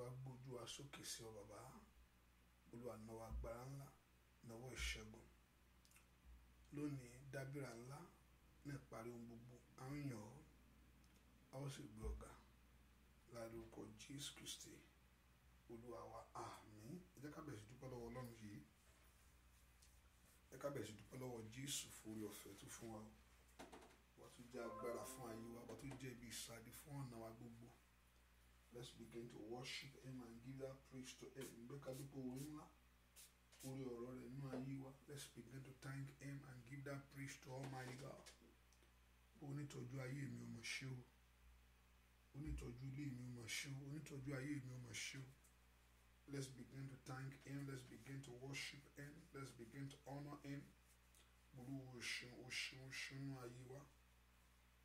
wá gbójú wa sókè sí ọ bàbá olúwa náwó agbára ńlá náwó ìṣẹ́gun lónìí dábìrà ńlá ní ìparí ohun gbogbo à ń yàn ọ́ a ó sì gbé ọ̀gá lárúkọ jésù kristi olúwa wa àmín ẹ jẹ́ ká bẹ̀rẹ̀ sí dúpẹ́ lọ́wọ́ ọlọ́run yìí ẹ ká bẹ̀rẹ̀ sí dúpẹ́ lọ́wọ́ jésù fún orí ọ̀fẹ́ tó fún wa wà tó jẹ́ agbára fún ayé wa wà tó jẹ́ ibi ìsádi fún ọ̀nà wa gbogbo Let's begin to worship Him and give that praise to Him. wimla, Let's begin to thank Him and give that praise to Almighty God. Onítọ́jú ayé mi ò mọ̀ ṣe o. Onítọ́jú ilé mi ò mọ̀ ṣe o. Onítọ́jú ayé mi ò mọ̀ ṣe o. Let's begin to thank Him. Let's begin to worship Him. Let's begin to honor Him. Olúwo ṣeun o ṣeun ṣeun ayé wa.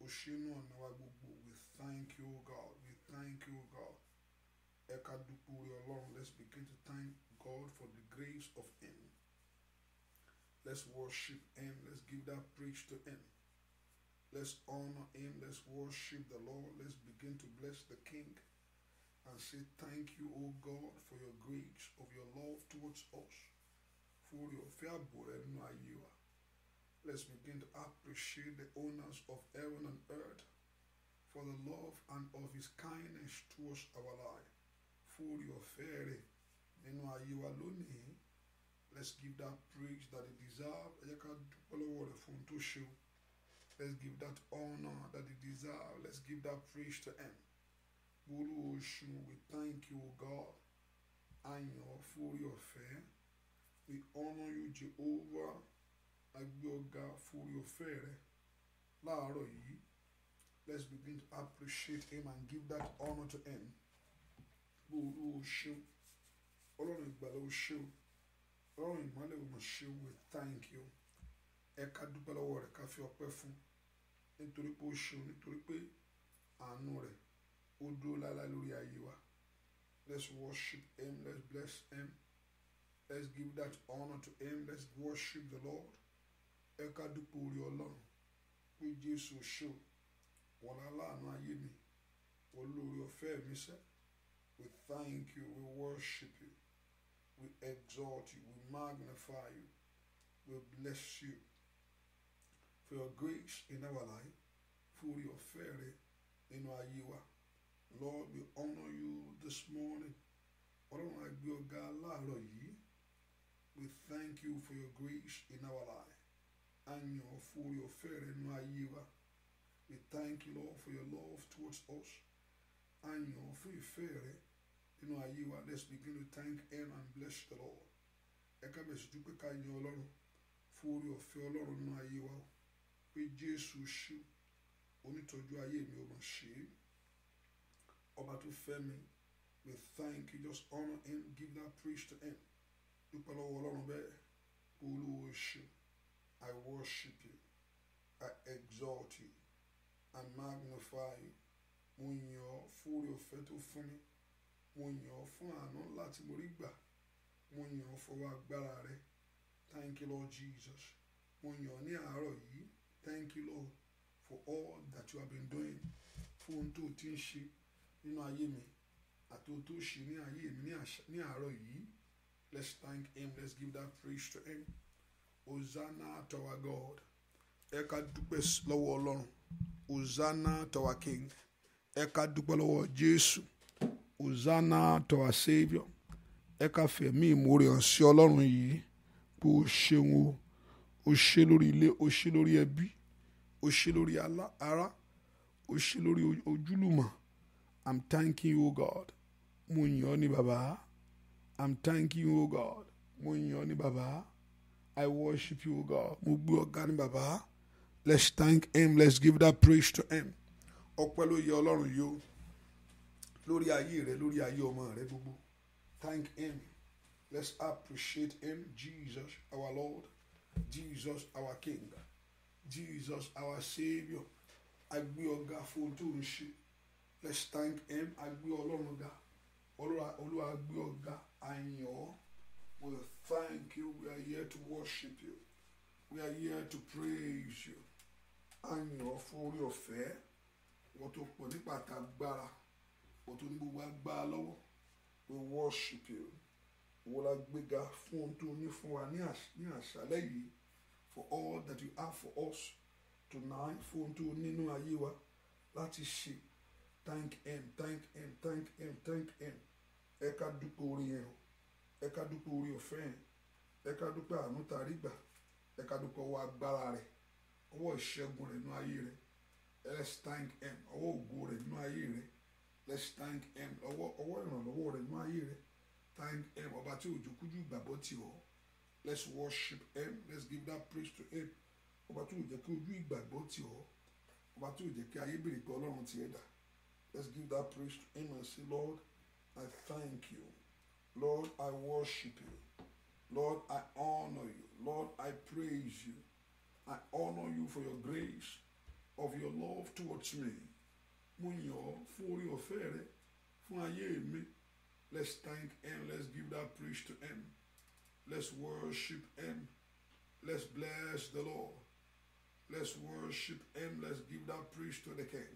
O ṣeun ọ̀nà wa gbogbo. We thank you, God. We thank you, God. Let's begin to thank God for the grace of Him. Let's worship Him. Let's give that praise to Him. Let's honor Him. Let's worship the Lord. Let's begin to bless the King and say, Thank you, O God, for your grace, of your love towards us, for your faithful and Let's begin to appreciate the owners of heaven and earth for the love and of his kindness towards our life. for Your ọ̀fẹ́ rẹ̀ nínú ayé wa lónìí. Let's give that praise that He deserve. Ẹ jẹ́ ká dúpẹ́ lọ́wọ́ rẹ̀ fún tó ṣe o. Let's give that honor that He deserve. Let's give that praise to him. Gbólú oṣù we thank you God. Ayàn for Your fair, We honor you Jehovah. A gbé for Your orí ọ̀fẹ́ rẹ̀ láàárọ̀ yìí let's begin to appreciate him and give that honor to him gbòòrò o ṣeun ọlọ́run ìgbàlà o ṣeun ọlọ́run ìmọ́lẹ̀ o mọ̀ ṣeun we thank you ẹ ká dúpẹ́ lọ́wọ́ rẹ̀ ká fi ọpẹ́ fún nítorí pé o ṣeun nítorí pé àánú rẹ̀ ó dúró láláì lórí ayé wa let's worship him let's bless him let's give that honor to him let's worship the Lord ẹ ká dúpẹ́ orí ọlọ́run pé Jésù ṣeun. We thank you, we worship you, we exalt you, we magnify you, we bless you for your grace in our life, for your favor in our are. Lord, we honor you this morning. We thank you for your grace in our life and your for your fair in our are. We thank you, Lord, for your love towards us and your free fare. You know, you wa, let's begin to thank him and bless the Lord. Ẹ ká bẹ̀rẹ̀ sí dúpẹ́ ká yan Ọlọ́run fún orí ọ̀fẹ́ Ọlọ́run nínú ayé wa pé Jésù ṣú onítọ́jú ayé mi ò mọ̀ ṣe é. Ọba tó fẹ́ mi, we thank you, just honour him, give that praise to him. Dúpẹ́ lọ́wọ́ Ọlọ́run bẹ́ẹ̀, Olúwo ṣe, I worship you, I exalt you. I magnify you mo yìn ọ́ fún oore ọ̀fẹ́ tó fún mi mo yìn ọ́ fún àánú ńlá tí mo rí gbà mo yìn ọ́ fọwọ́ agbára rẹ thank you lord jesus mo yìn ọ́ ní àárọ̀ yìí thank you lord for all that you have been doing fún ohun tó o ti ń ṣe nínú ayé mi àti ohun tó ṣe ní ayé mi ní àárọ̀ yìí let's thank him let's give that praise to him hosanna to our god ẹ ká dúpẹ́ lọ́wọ́ ọlọ́run Hosanna to our King. Eka ká dúpẹ́ lọ́wọ́ Jésù. Hosanna to our savior, Eka Femi fẹ̀mí ìmoore hàn sí Ọlọ́run yìí pé o ṣeun o. O ṣe lórí ilé, o ara, o ṣe lórí I'm thanking you, God. Mo yìn ọ́ ní I'm thanking you, God. Mo yìn ọ́ ní I worship you, God. Mo gbé ọ̀gá ní bàbá. Let's thank him. Let's give that praise to him. Ọpẹ́ ló yẹ Ọlọ́run yìí o. Lórí ayé rẹ, lórí ayé ọmọ rẹ gbogbo. Thank him. Let's appreciate him. Jesus, our Lord. Jesus, our King. Jesus, our Savior. A gbé ọ̀gá fún tó ṣe. Let's thank him. A gbé Ọlọ́run ga. Olúwa gbé ọ̀gá. Àyàn ọ́. We thank you. We are here to worship you. We are here to praise you. a yìn ọ́ fún orí ọ̀fẹ́ wọ́n tó pọ̀ nípa àtàgbára wọ́n tó ní gbogbo agbára lọ́wọ́ we worship you wọ́n la gbéga fún ohun tó ní fún wa ní àṣálẹ́ yìí for all that you have for us tonight fún ohun tó nínú ayé wa láti ṣe thank him thank him thank him thank him ẹ ká dúpẹ́ orin yẹn o ẹ ká dúpẹ́ orí ọ̀fẹ́ yẹn ẹ ká dúpẹ́ àánú tá gbà ẹ ká dúpẹ́ ọwọ́ agbára rẹ̀ ọwọ́ ìṣẹ́gun rẹ̀ nínú ayé rẹ̀ let's thank him ọwọ́ ògo rẹ̀ nínú ayé rẹ̀ let's thank him ọwọ́ ọwọ́ ìrànlọ́wọ́ rẹ̀ nínú ayé rẹ̀ thank him ọba tí òjò kújú ìgbàgbọ́ ti ọ̀ let's worship him let's give that praise to him ọba tí òjò kí ojú ìgbàgbọ́ ti ọ̀ ọba tí òjò kí ayé bèrè pé ọlọ́run ti ẹ̀dá let's give that praise to him and say lord i thank you lord i worship you lord i honour you lord i praise you. I honor you for your grace of your love towards me. Mo for your fún for ọ̀fẹ́ rẹ Let's thank him. Let's give that praise to him. Let's worship him. Let's bless the Lord. Let's worship him. Let's give that praise to the King.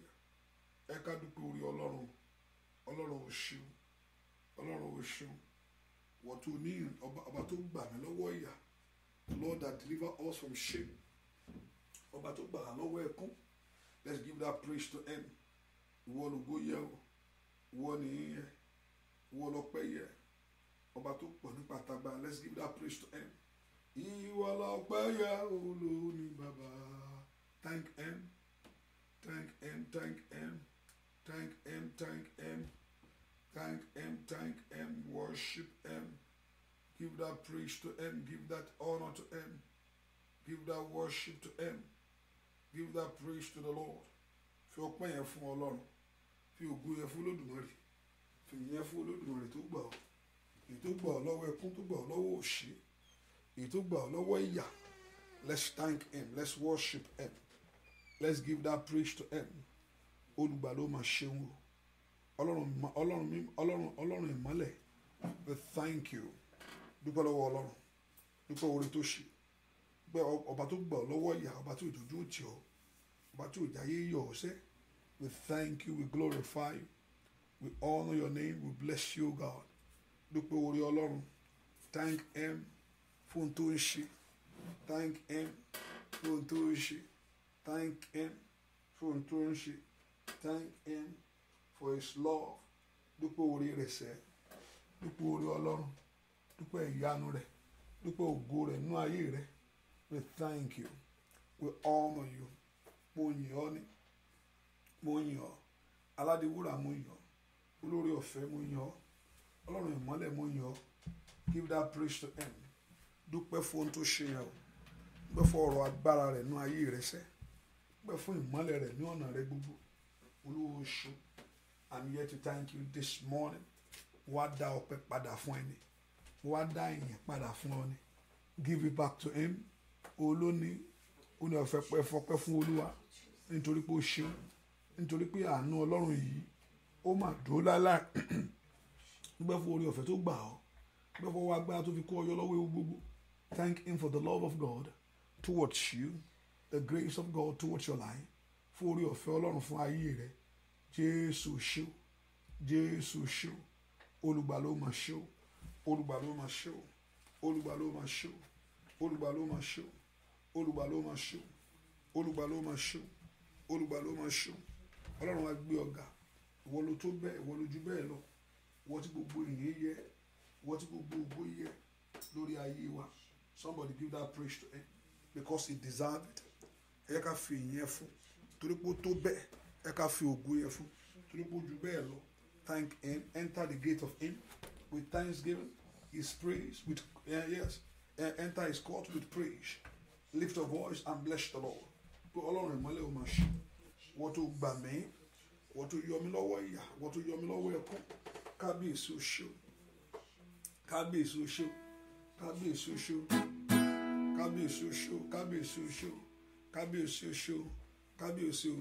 Eka ká olono, olono Ọlọ́run. olono ò ṣeun. Ọlọ́run ò ṣeun. Wọ́n tó ní tó Lord that deliver us from shame. ọba tó gbà lọ́wọ́ ẹkún let's give that praise to him ìwọ lógo yẹ o ìwọ nìyí yẹ ìwọ lọ́pẹ́ yẹ ọba tó pọ̀ nípa tagbá let's give that praise to him ìwọ lọ́pẹ́ yẹ olóòní bàbá thank him thank him thank him thank him thank him thank him thank him worship him give that praise to him give that honor to him give that worship to him give that praise to the lord fi ọpẹ́ yẹn fún ọlọ́run fi ògùn yẹn fún olódùmarè fi yẹn fún olódùmarè tó gbà ọ́ èyí tó gbà ọ́ lọ́wọ́ ẹkún tó gbà ọ́ lọ́wọ́ òṣì èyí tó gbà ọ́ lọ́wọ́ ìyà let's thank him let's worship him let's give that praise to him olùgbà ló máa ṣeun o ọlọ́run ọlọ́run ọlọ́run ọlọ́run ìmọ́lẹ̀ we thank you dúpẹ́ lọ́wọ́ ọlọ́run dúpẹ́ oore tó ṣe pé ọba tó gbà ọ́ lọ́wọ́ ìyà ọba tó ìdójú tì ọ́ ọba tó ìjáyé yọ̀ ọ́ sẹ́ we thank you we glorify you we honour your name we bless you God dúpẹ́ orí ọlọ́run thank him fún tó ń ṣe thank him fún tó ń ṣe thank him fún tó ń ṣe thank him for his love dúpẹ́ orí rẹ̀ sẹ́ dúpẹ́ orí ọlọ́run dúpẹ́ ìyanu rẹ̀ dúpẹ́ ògo rẹ̀ nú ayé rẹ̀. We thank you. We honor you. Mo yìn ọ́ ni. Mo yìn ọ́. Aládéwúrà mo yìn ọ́. Olórí ọ̀fẹ́ mo yìn ọ́. Ọlọ́run ìmọ́lẹ̀ mo yìn ọ́. Give that praise to him. Dúpẹ́ fún ohun tó ṣe yẹn o. Dúpẹ́ fún ọ̀rọ̀ agbára rẹ̀ nú ayé rẹ̀ sẹ́. Dúpẹ́ fún ìmọ́lẹ̀ rẹ̀ ní ọ̀nà rẹ̀ gbogbo. Olúwo ṣu. I'm here to thank you this morning. Wá dá ọpẹ́ padà fún ẹni. Wá dá ìyìn padà fún ọ ni. Give it back to him olóní ó ní ọ̀fẹ́ fọpẹ́ fún olúwa nítorí pé ó ṣeun nítorí pé àánú ọlọ́run yìí ó mà dúró láláì dúpẹ́ fún orí ọ̀fẹ́ tó gbà ọ́ dúpẹ́ fún ọwọ́ agbára tó fi kó ọyọ́ lọ́wọ́ ewu gbogbo thank him for the love of God towards you the grace of God towards your life fún orí ọ̀fẹ́ ọlọ́run fún ayé rẹ jésù ṣó jésù ṣó olùgbà ló mà ṣó olùgbà ló mà ṣó olùgbà ló mà ṣó olùgbà ló mà ṣó olùgbà ló máa ṣó olùgbà ló máa ṣó olùgbà ló máa ṣó ọlọ́run wa gbé ọ̀gá ìwọ ló tó bẹ́ẹ̀ ìwọ ló ju bẹ́ẹ̀ lọ ìwọ tí gbogbo ìyìn yẹ ìwọ tí gbogbo ògbó yẹ lórí ayé wa somebody give that praise to him because he deserved it ẹ ká fi ìyẹn fún torí pé ó tó bẹ́ẹ̀ ẹ ká fi ògbó yẹ fún torí pé ó ju bẹ́ẹ̀ lọ thank him enter the gate of him with thanksgiving his praise with uh, yes uh, enter his court with praise lift your voice and bless the Lord pé ọlọ́run ìmọ́lẹ̀ ò máa ṣe wọ́n tó gbà mí wọ́n tó yọ mí lọ́wọ́ ìyà wọ́n tó yọ mí lọ́wọ́ ẹkún kábíyèsí ó ṣe o kábíyèsí ó ṣe o kábíyèsí ó ṣe o kábíyèsí ó ṣe o kábíyèsí ó ṣe o kábíyèsí ó ṣe o kábíyèsí ó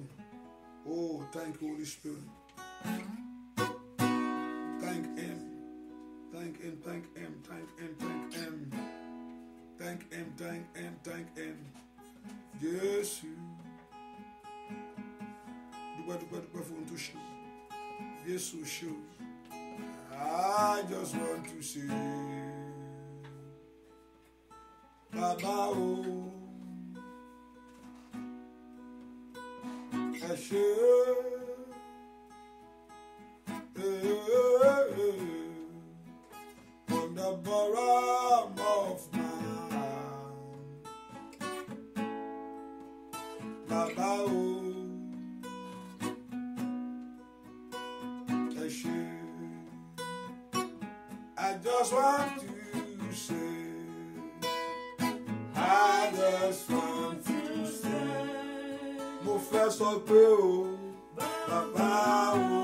oh thank you Holy Spirit thank him thank him thank him thank him thank him. Thank Him, thank Him, thank Him. Jésù. Dúpẹ́ dúpẹ́ dúpẹ́ fún ohun tó ṣe. Jésù I just want to say. Baba, o. Ẹ ṣé. als wat u zegt. Alles wat u zegt. Mo fẹ́ sọ pé o, bàbá o,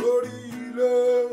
lórí ilé.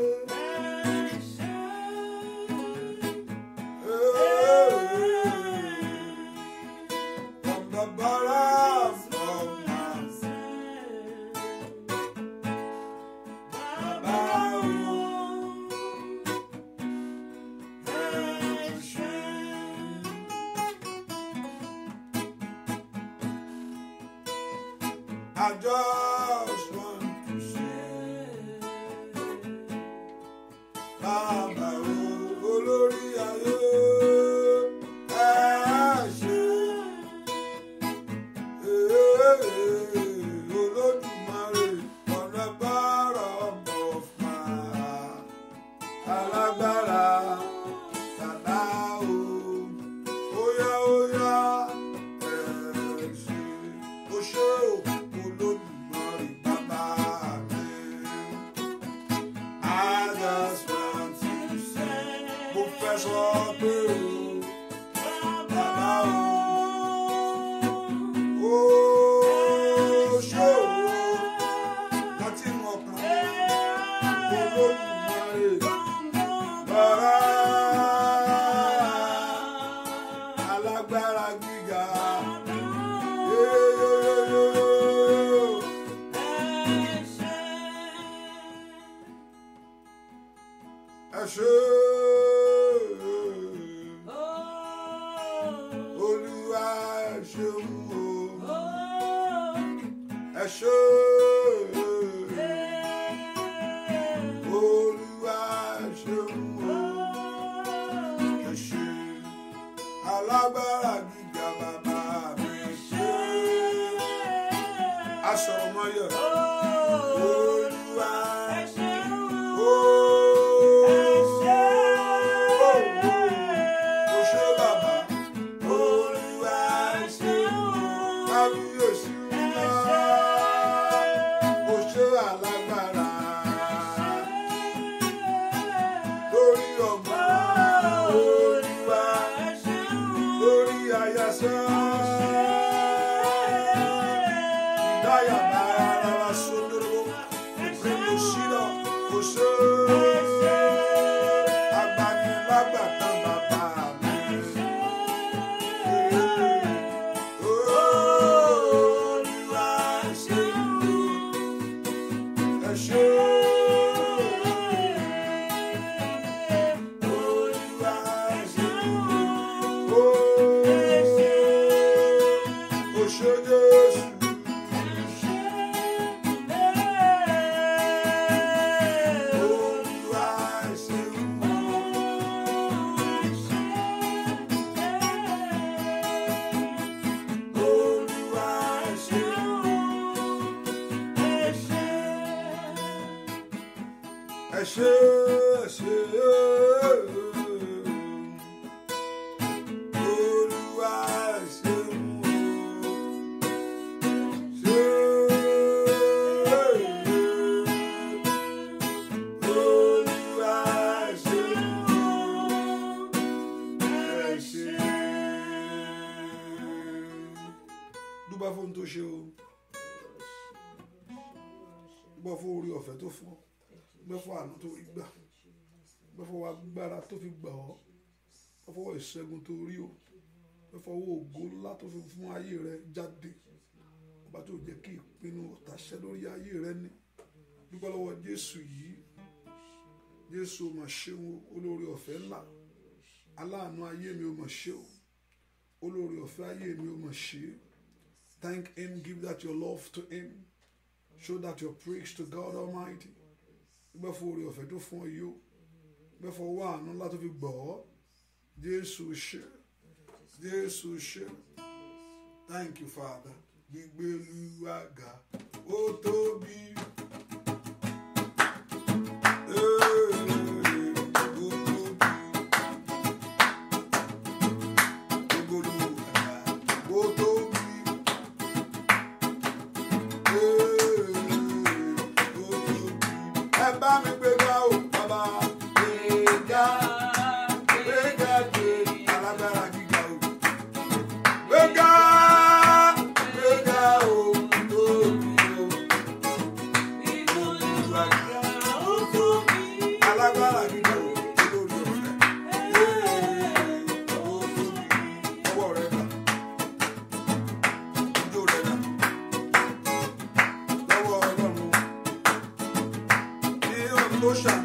ìṣẹ́gun tó rí o fẹ́ fọwọ́ ògo ńlá tó fi fún ayé rẹ jáde ọba tó jẹ́ kí ìpinnu ọ̀tá ṣẹ lórí ayé rẹ ní dúpẹ́ lọ́wọ́ Jésù yìí Jésù mà ṣeun olóore ọ̀fẹ́ ńlá aláàánú ayé mi ò mà ṣe o olóore ọ̀fẹ́ ayé mi ò mà ṣe thank him give that your love to him show that your praise to God Almighty dúpẹ́ fún oore ọ̀fẹ́ tó fún ọ yìí o dúpẹ́ fún ọwọ́ àánú ńlá tó fi gbọ́ ọ. Jésù ṣe Jésù ṣe thank you Father gbígbélúwàgà ó tóbi. Bushra.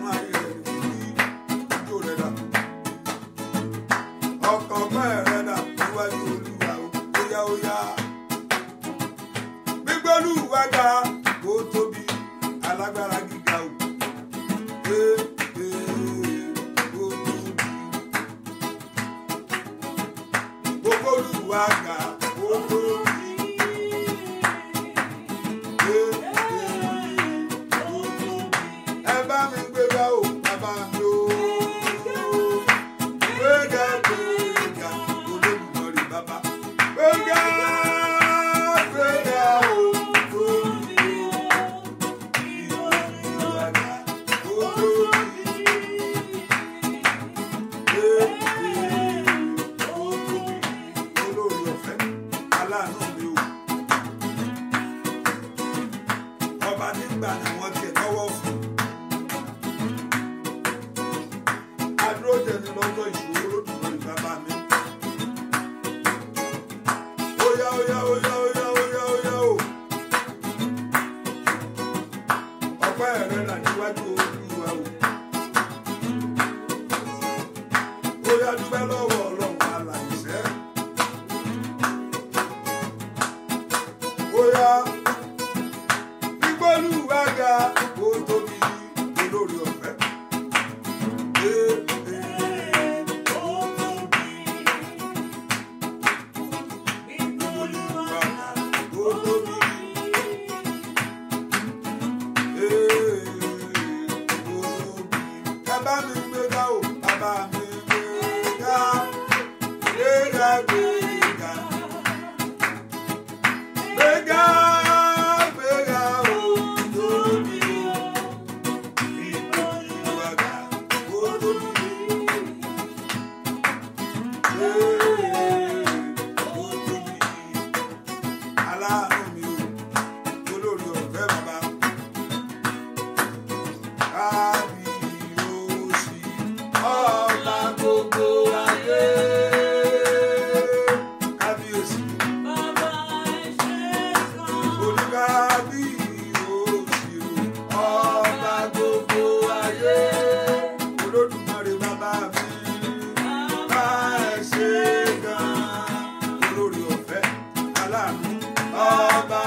Abba.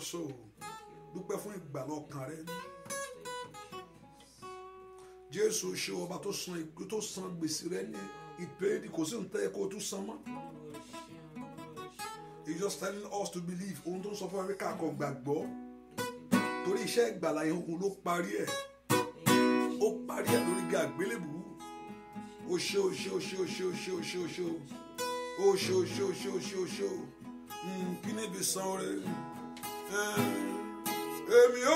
So, soul. Dúpẹ́ fún ìgbàlá ọkàn rẹ. Jésù ṣe ọba tó san tó san gbèsè rẹ ní ìpèdè kò sí nǹkan ẹ̀kọ́ tó san mọ́. He just telling us to believe ohun tó ń sọ fún Amẹ́ríkà kan gbàgbọ́. Torí iṣẹ́ ìgbàlá yẹn òun ló parí ẹ̀. Ó parí ẹ̀ lórí ga àgbélébùú. O ṣé o ṣé o ṣé o ṣé o ṣé o ṣé o ṣé o ṣé o ṣé o ṣé o ṣé o ṣé o ṣé o kí ni ibi san oore. èmi du.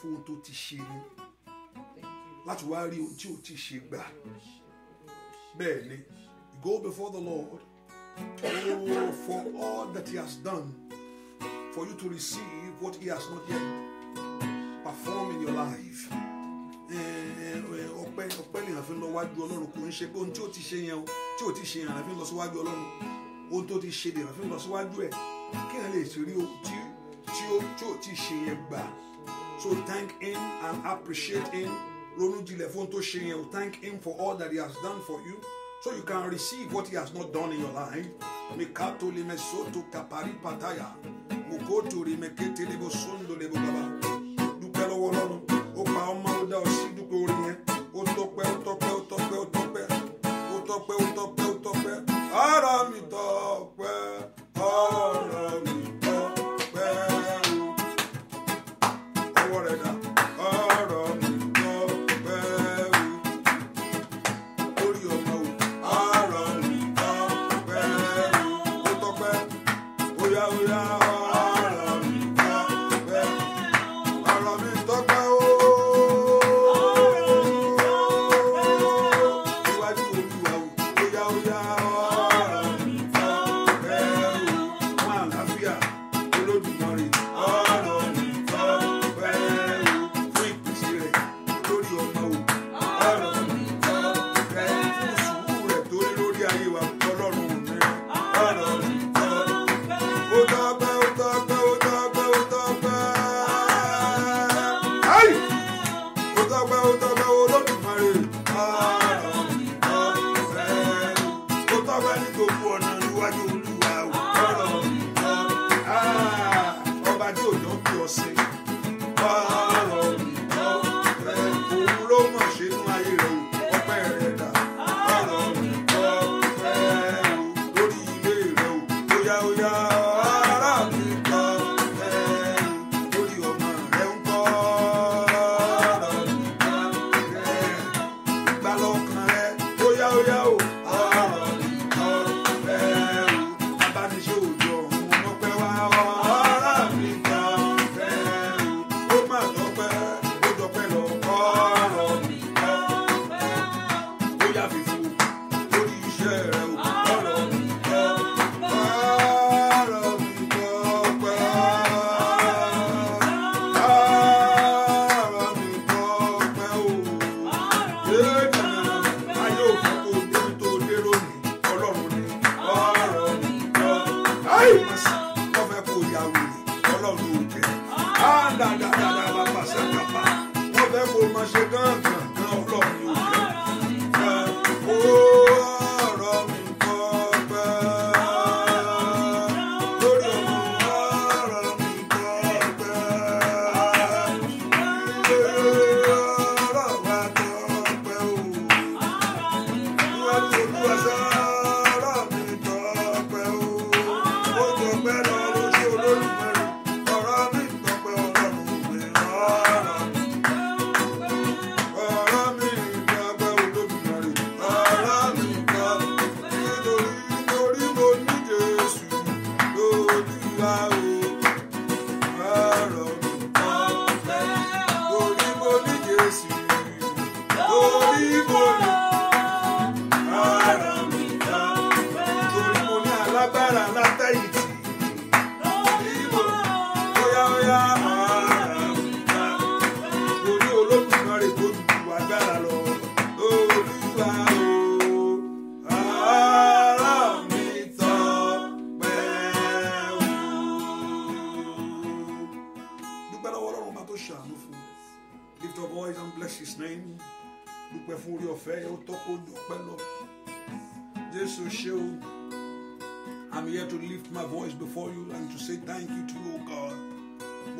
fún ohun tó ti ṣe ni láti wá rí ohun tí o ti ṣe gbà bẹ́ẹ̀ ni go before the Lord oh, for all that he has done for you to receive what he has not yet performed in your life eh, eh, eh, ọpẹ́ ọpẹ́ nìyàn fi ń lọ wájú Ọlọ́run kò ń ṣe pé ohun tí o ti ṣe yẹn o tí o ti ṣe yẹn àná fi lọ síwájú Ọlọ́run ohun tó ti ṣe dènà fi lọ síwájú ẹ kí n lè rí ohun tí o ti ṣe yẹn gbà. So thank Him and appreciate Him. Ronú jinlẹ̀ fún tó Thank Him for all that He has done for you. So you can receive what He has not done in your life. Mikato lime soto kapari pataya. Mukoto lime kete lebo sondo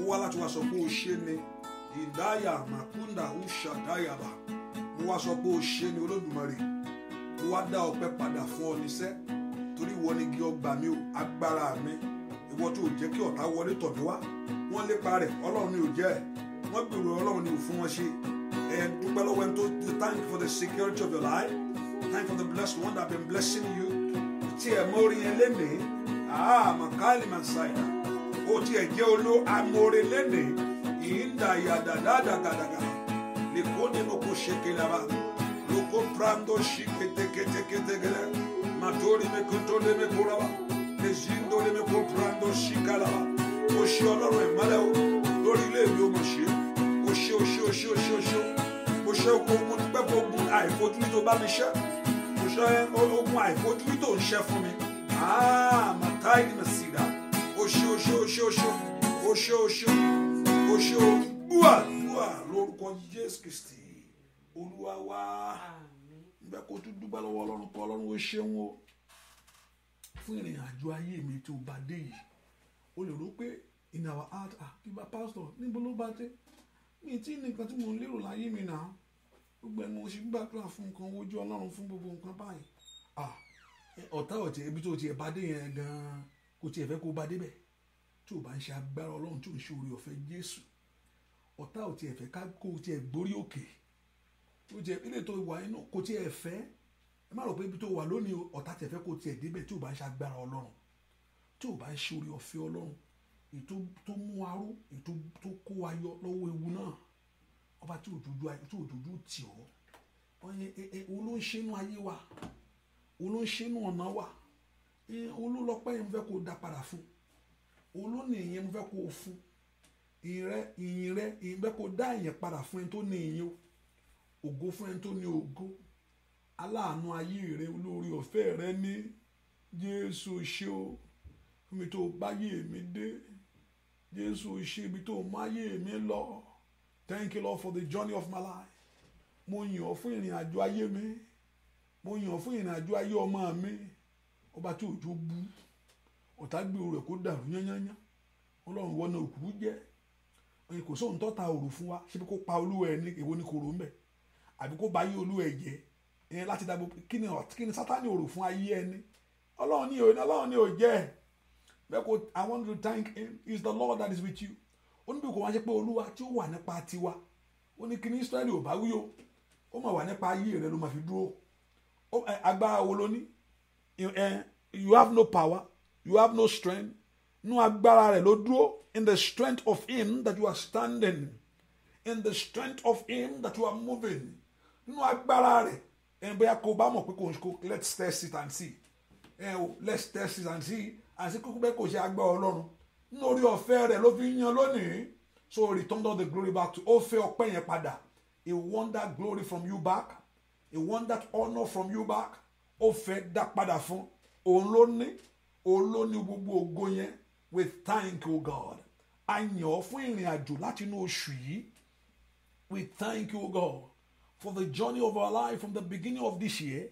wá láti wá sọ pé o ṣe mi ìdáyà màkúndà ùṣà dáyàbà mo wá sọ pé o ṣe ni olódùmarè mo wá dá ọpẹ́ padà fún ọ níṣẹ́ torí ìwọ ni igi ọgbà mi o agbára mi ìwọ tó jẹ́ kí ọ̀tá wọlé tọ̀ mí wá wọ́n lépa rẹ̀ ọlọ́run ni ò jẹ́ ẹ̀ gbèrò ọlọ́run ni ò fún wọn ṣe ẹ̀ dúpẹ́ lọ́wọ́ ẹni tó thank for the security of your life thank for the blessed one that been blessing you tí ẹ̀ mọ́ orin yẹn lénìí àá ah, màkàlì màsáìdá bó tiẹ̀ jẹ́ olú amóore lẹ́nì ìyínda yàdàdà dàgàdàgà lèkó ni mo kò ṣe kelaba lóko prando ṣì kétékétékétékélé màtóri mi kò tó lé mi kó rà wá lèṣí ń tó lé mi kó prando ṣì kálaba mo ṣe ọlọ́run ìmọ́lẹ̀ o lórí ilé mi ò mọ̀ ṣe o ṣe o ṣe o ṣe o ṣe o ṣe o ṣe ogun o fún o àìfojúrí o bá o ṣẹ́ o ṣe o àìfojúrí o ń o fún o àmàtáì o mo o dá oṣó oṣó oṣó oṣó oṣó oṣó oṣó gbúàdúà lórúkọ Jésù Kristi Olúwa wa nígbà kó tún dúpẹ́ lọ́wọ́ Ọlọ́run pé Ọlọ́run ó ṣeun o fún ìrìn àjò ayé mi tó bá dé yìí o lè rò pé in our heart ah kí bá pásítọ̀ níbo ló bá dé mi tí nìkan tí mo lérò láyé mi náà gbogbo ẹnu oṣù gbàdúrà fún nǹkan ojú Ọlọ́run fún gbogbo nǹkan báyìí ah ọ̀tá ọ̀tí ibi tó ti ẹ̀ bá dé yẹn gan-an kò tiẹ̀ fẹ́ kó bá débẹ̀ tí ò bá ń ṣe agbára ọlọ́run tí ò ń ṣe oore ọ̀fẹ́ jésù ọ̀tá ò tiẹ̀ fẹ́ kó tiẹ̀ gbórí òkè ó tiẹ̀ ilé tó wà inú kò tiẹ̀ fẹ́ ẹ má rò pé ibi tó wà lónìí ọ̀tá tiẹ̀ fẹ́ kó tiẹ̀ débẹ̀ tí ò bá ń ṣe agbára ọlọ́run tí ò bá ń ṣe oore ọ̀fẹ́ ọlọ́run ètò tó mú aró ètò tó kó ayọ̀ lọ́wọ́ ewu náà ọba tí òdòdó tí òdòdó tì ọ́ olóńṣẹ́nu ayé wa olóńṣẹ́nu ọ̀nà wa òun ló lọ́pẹ́ yẹn mo fẹ́ kó o dá padà fún òun ló ní ìyẹn mo fẹ́ kó o fún ìyìn rẹ ìyìn rẹ ìyìn fẹ́ kó o dá ìyẹn padà fún ẹni tó ní ìyẹn o ògo fún ẹni tó ní ògo aláàánú ayé rẹ olórí ọ̀fẹ́ rẹ ní Jésù ṣe o fún mi tó o báyé mi dé Jésù ṣe ibi tó o máyé mi lọ thank you Lord for the journey of my life mo yàn fún ìrìn àjò ayé mi mo yàn fún ìrìn àjò ayé ọmọ mi ọba tí òjò bú ọ̀tá gbé orò rẹ̀ kó dàrú yányányá ọlọ́run wọnà òkúrú jẹ́ òyìn kò sóhun tọ́ta òrò fún wa ṣé kó pa olúwa ẹ̀ èwo ní koro mbẹ̀ àbí kó ba ayé olúwa ẹ̀ jẹ́ ẹ̀ láti dàgbò kí ni sátani òrò fún ayé ẹni ọlọ́run ní òyìn ọlọ́run ní òjẹ́ bẹ́ẹ̀ kó I want to thank him he is the Lord that is with you ó ní bí kò wá ṣe pé olúwa tí ó wà nípa tiwa ó ní kí ni Israẹli ò bá wí o ó mà wà nípa ayé rẹ ló máa fi dúró agbára wo ló ní Eh, you have no power you have no strength nú agbára rẹ̀ ló dúró in the strength of him that you are standing in the strength of him that you are moving nú agbára rẹ̀ ẹ̀ eh, bóyá kó bá mọ̀ pé kò ń kó let's test it and see ẹ̀ eh, o let's test it and see àti kúkú bẹ́ẹ̀ kò ṣe agbára ọlọ́run nínú orí ọ̀fẹ́ rẹ̀ ló fi yan lónìí so return all the glory back to ó fẹ́ ọpẹ́ yẹn padà he want that glory from you back he want that honour from you back ó fẹ́ dá padà fún òun ló ní òun ló ní gbogbo ògo yẹn we thank you God a yàn ọ́ fún ìrìn àjò láti inú oṣù yìí we thank you God for the journey of our life from the beginning of this year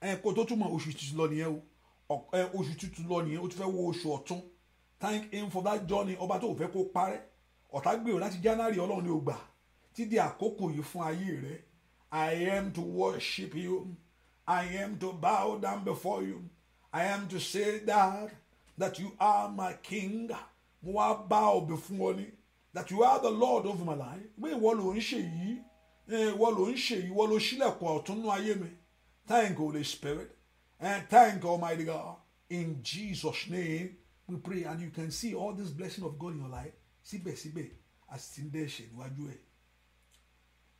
ẹ̀kọ́ tó túmọ̀ oṣù tuntun lọ nìyẹn o oṣù tuntun lọ nìyẹn o ti fẹ́ wo oṣù ọ̀tún thank him for that journey ọba tó fẹ́ kó parẹ́ ọ̀tá gbèrò láti january ọlọ́run ni ó gbà títí àkókò yìí fún ayé rẹ i am to worship you. I am to bow down before you. I am to say that that you are my king. Mo wá bow before ni that you are the lord of my life. Pé ìwọ ló ń ṣe yìí, ìwọ ló ń ṣe yìí, ìwọ ló ṣílẹ̀kùn ọ̀tún nú mi. Thank Holy Spirit and thank Almighty God. In Jesus' name we pray and you can see all this blessing of God in your life. Síbẹ̀síbẹ̀ àti ń dẹ́ ṣe níwájú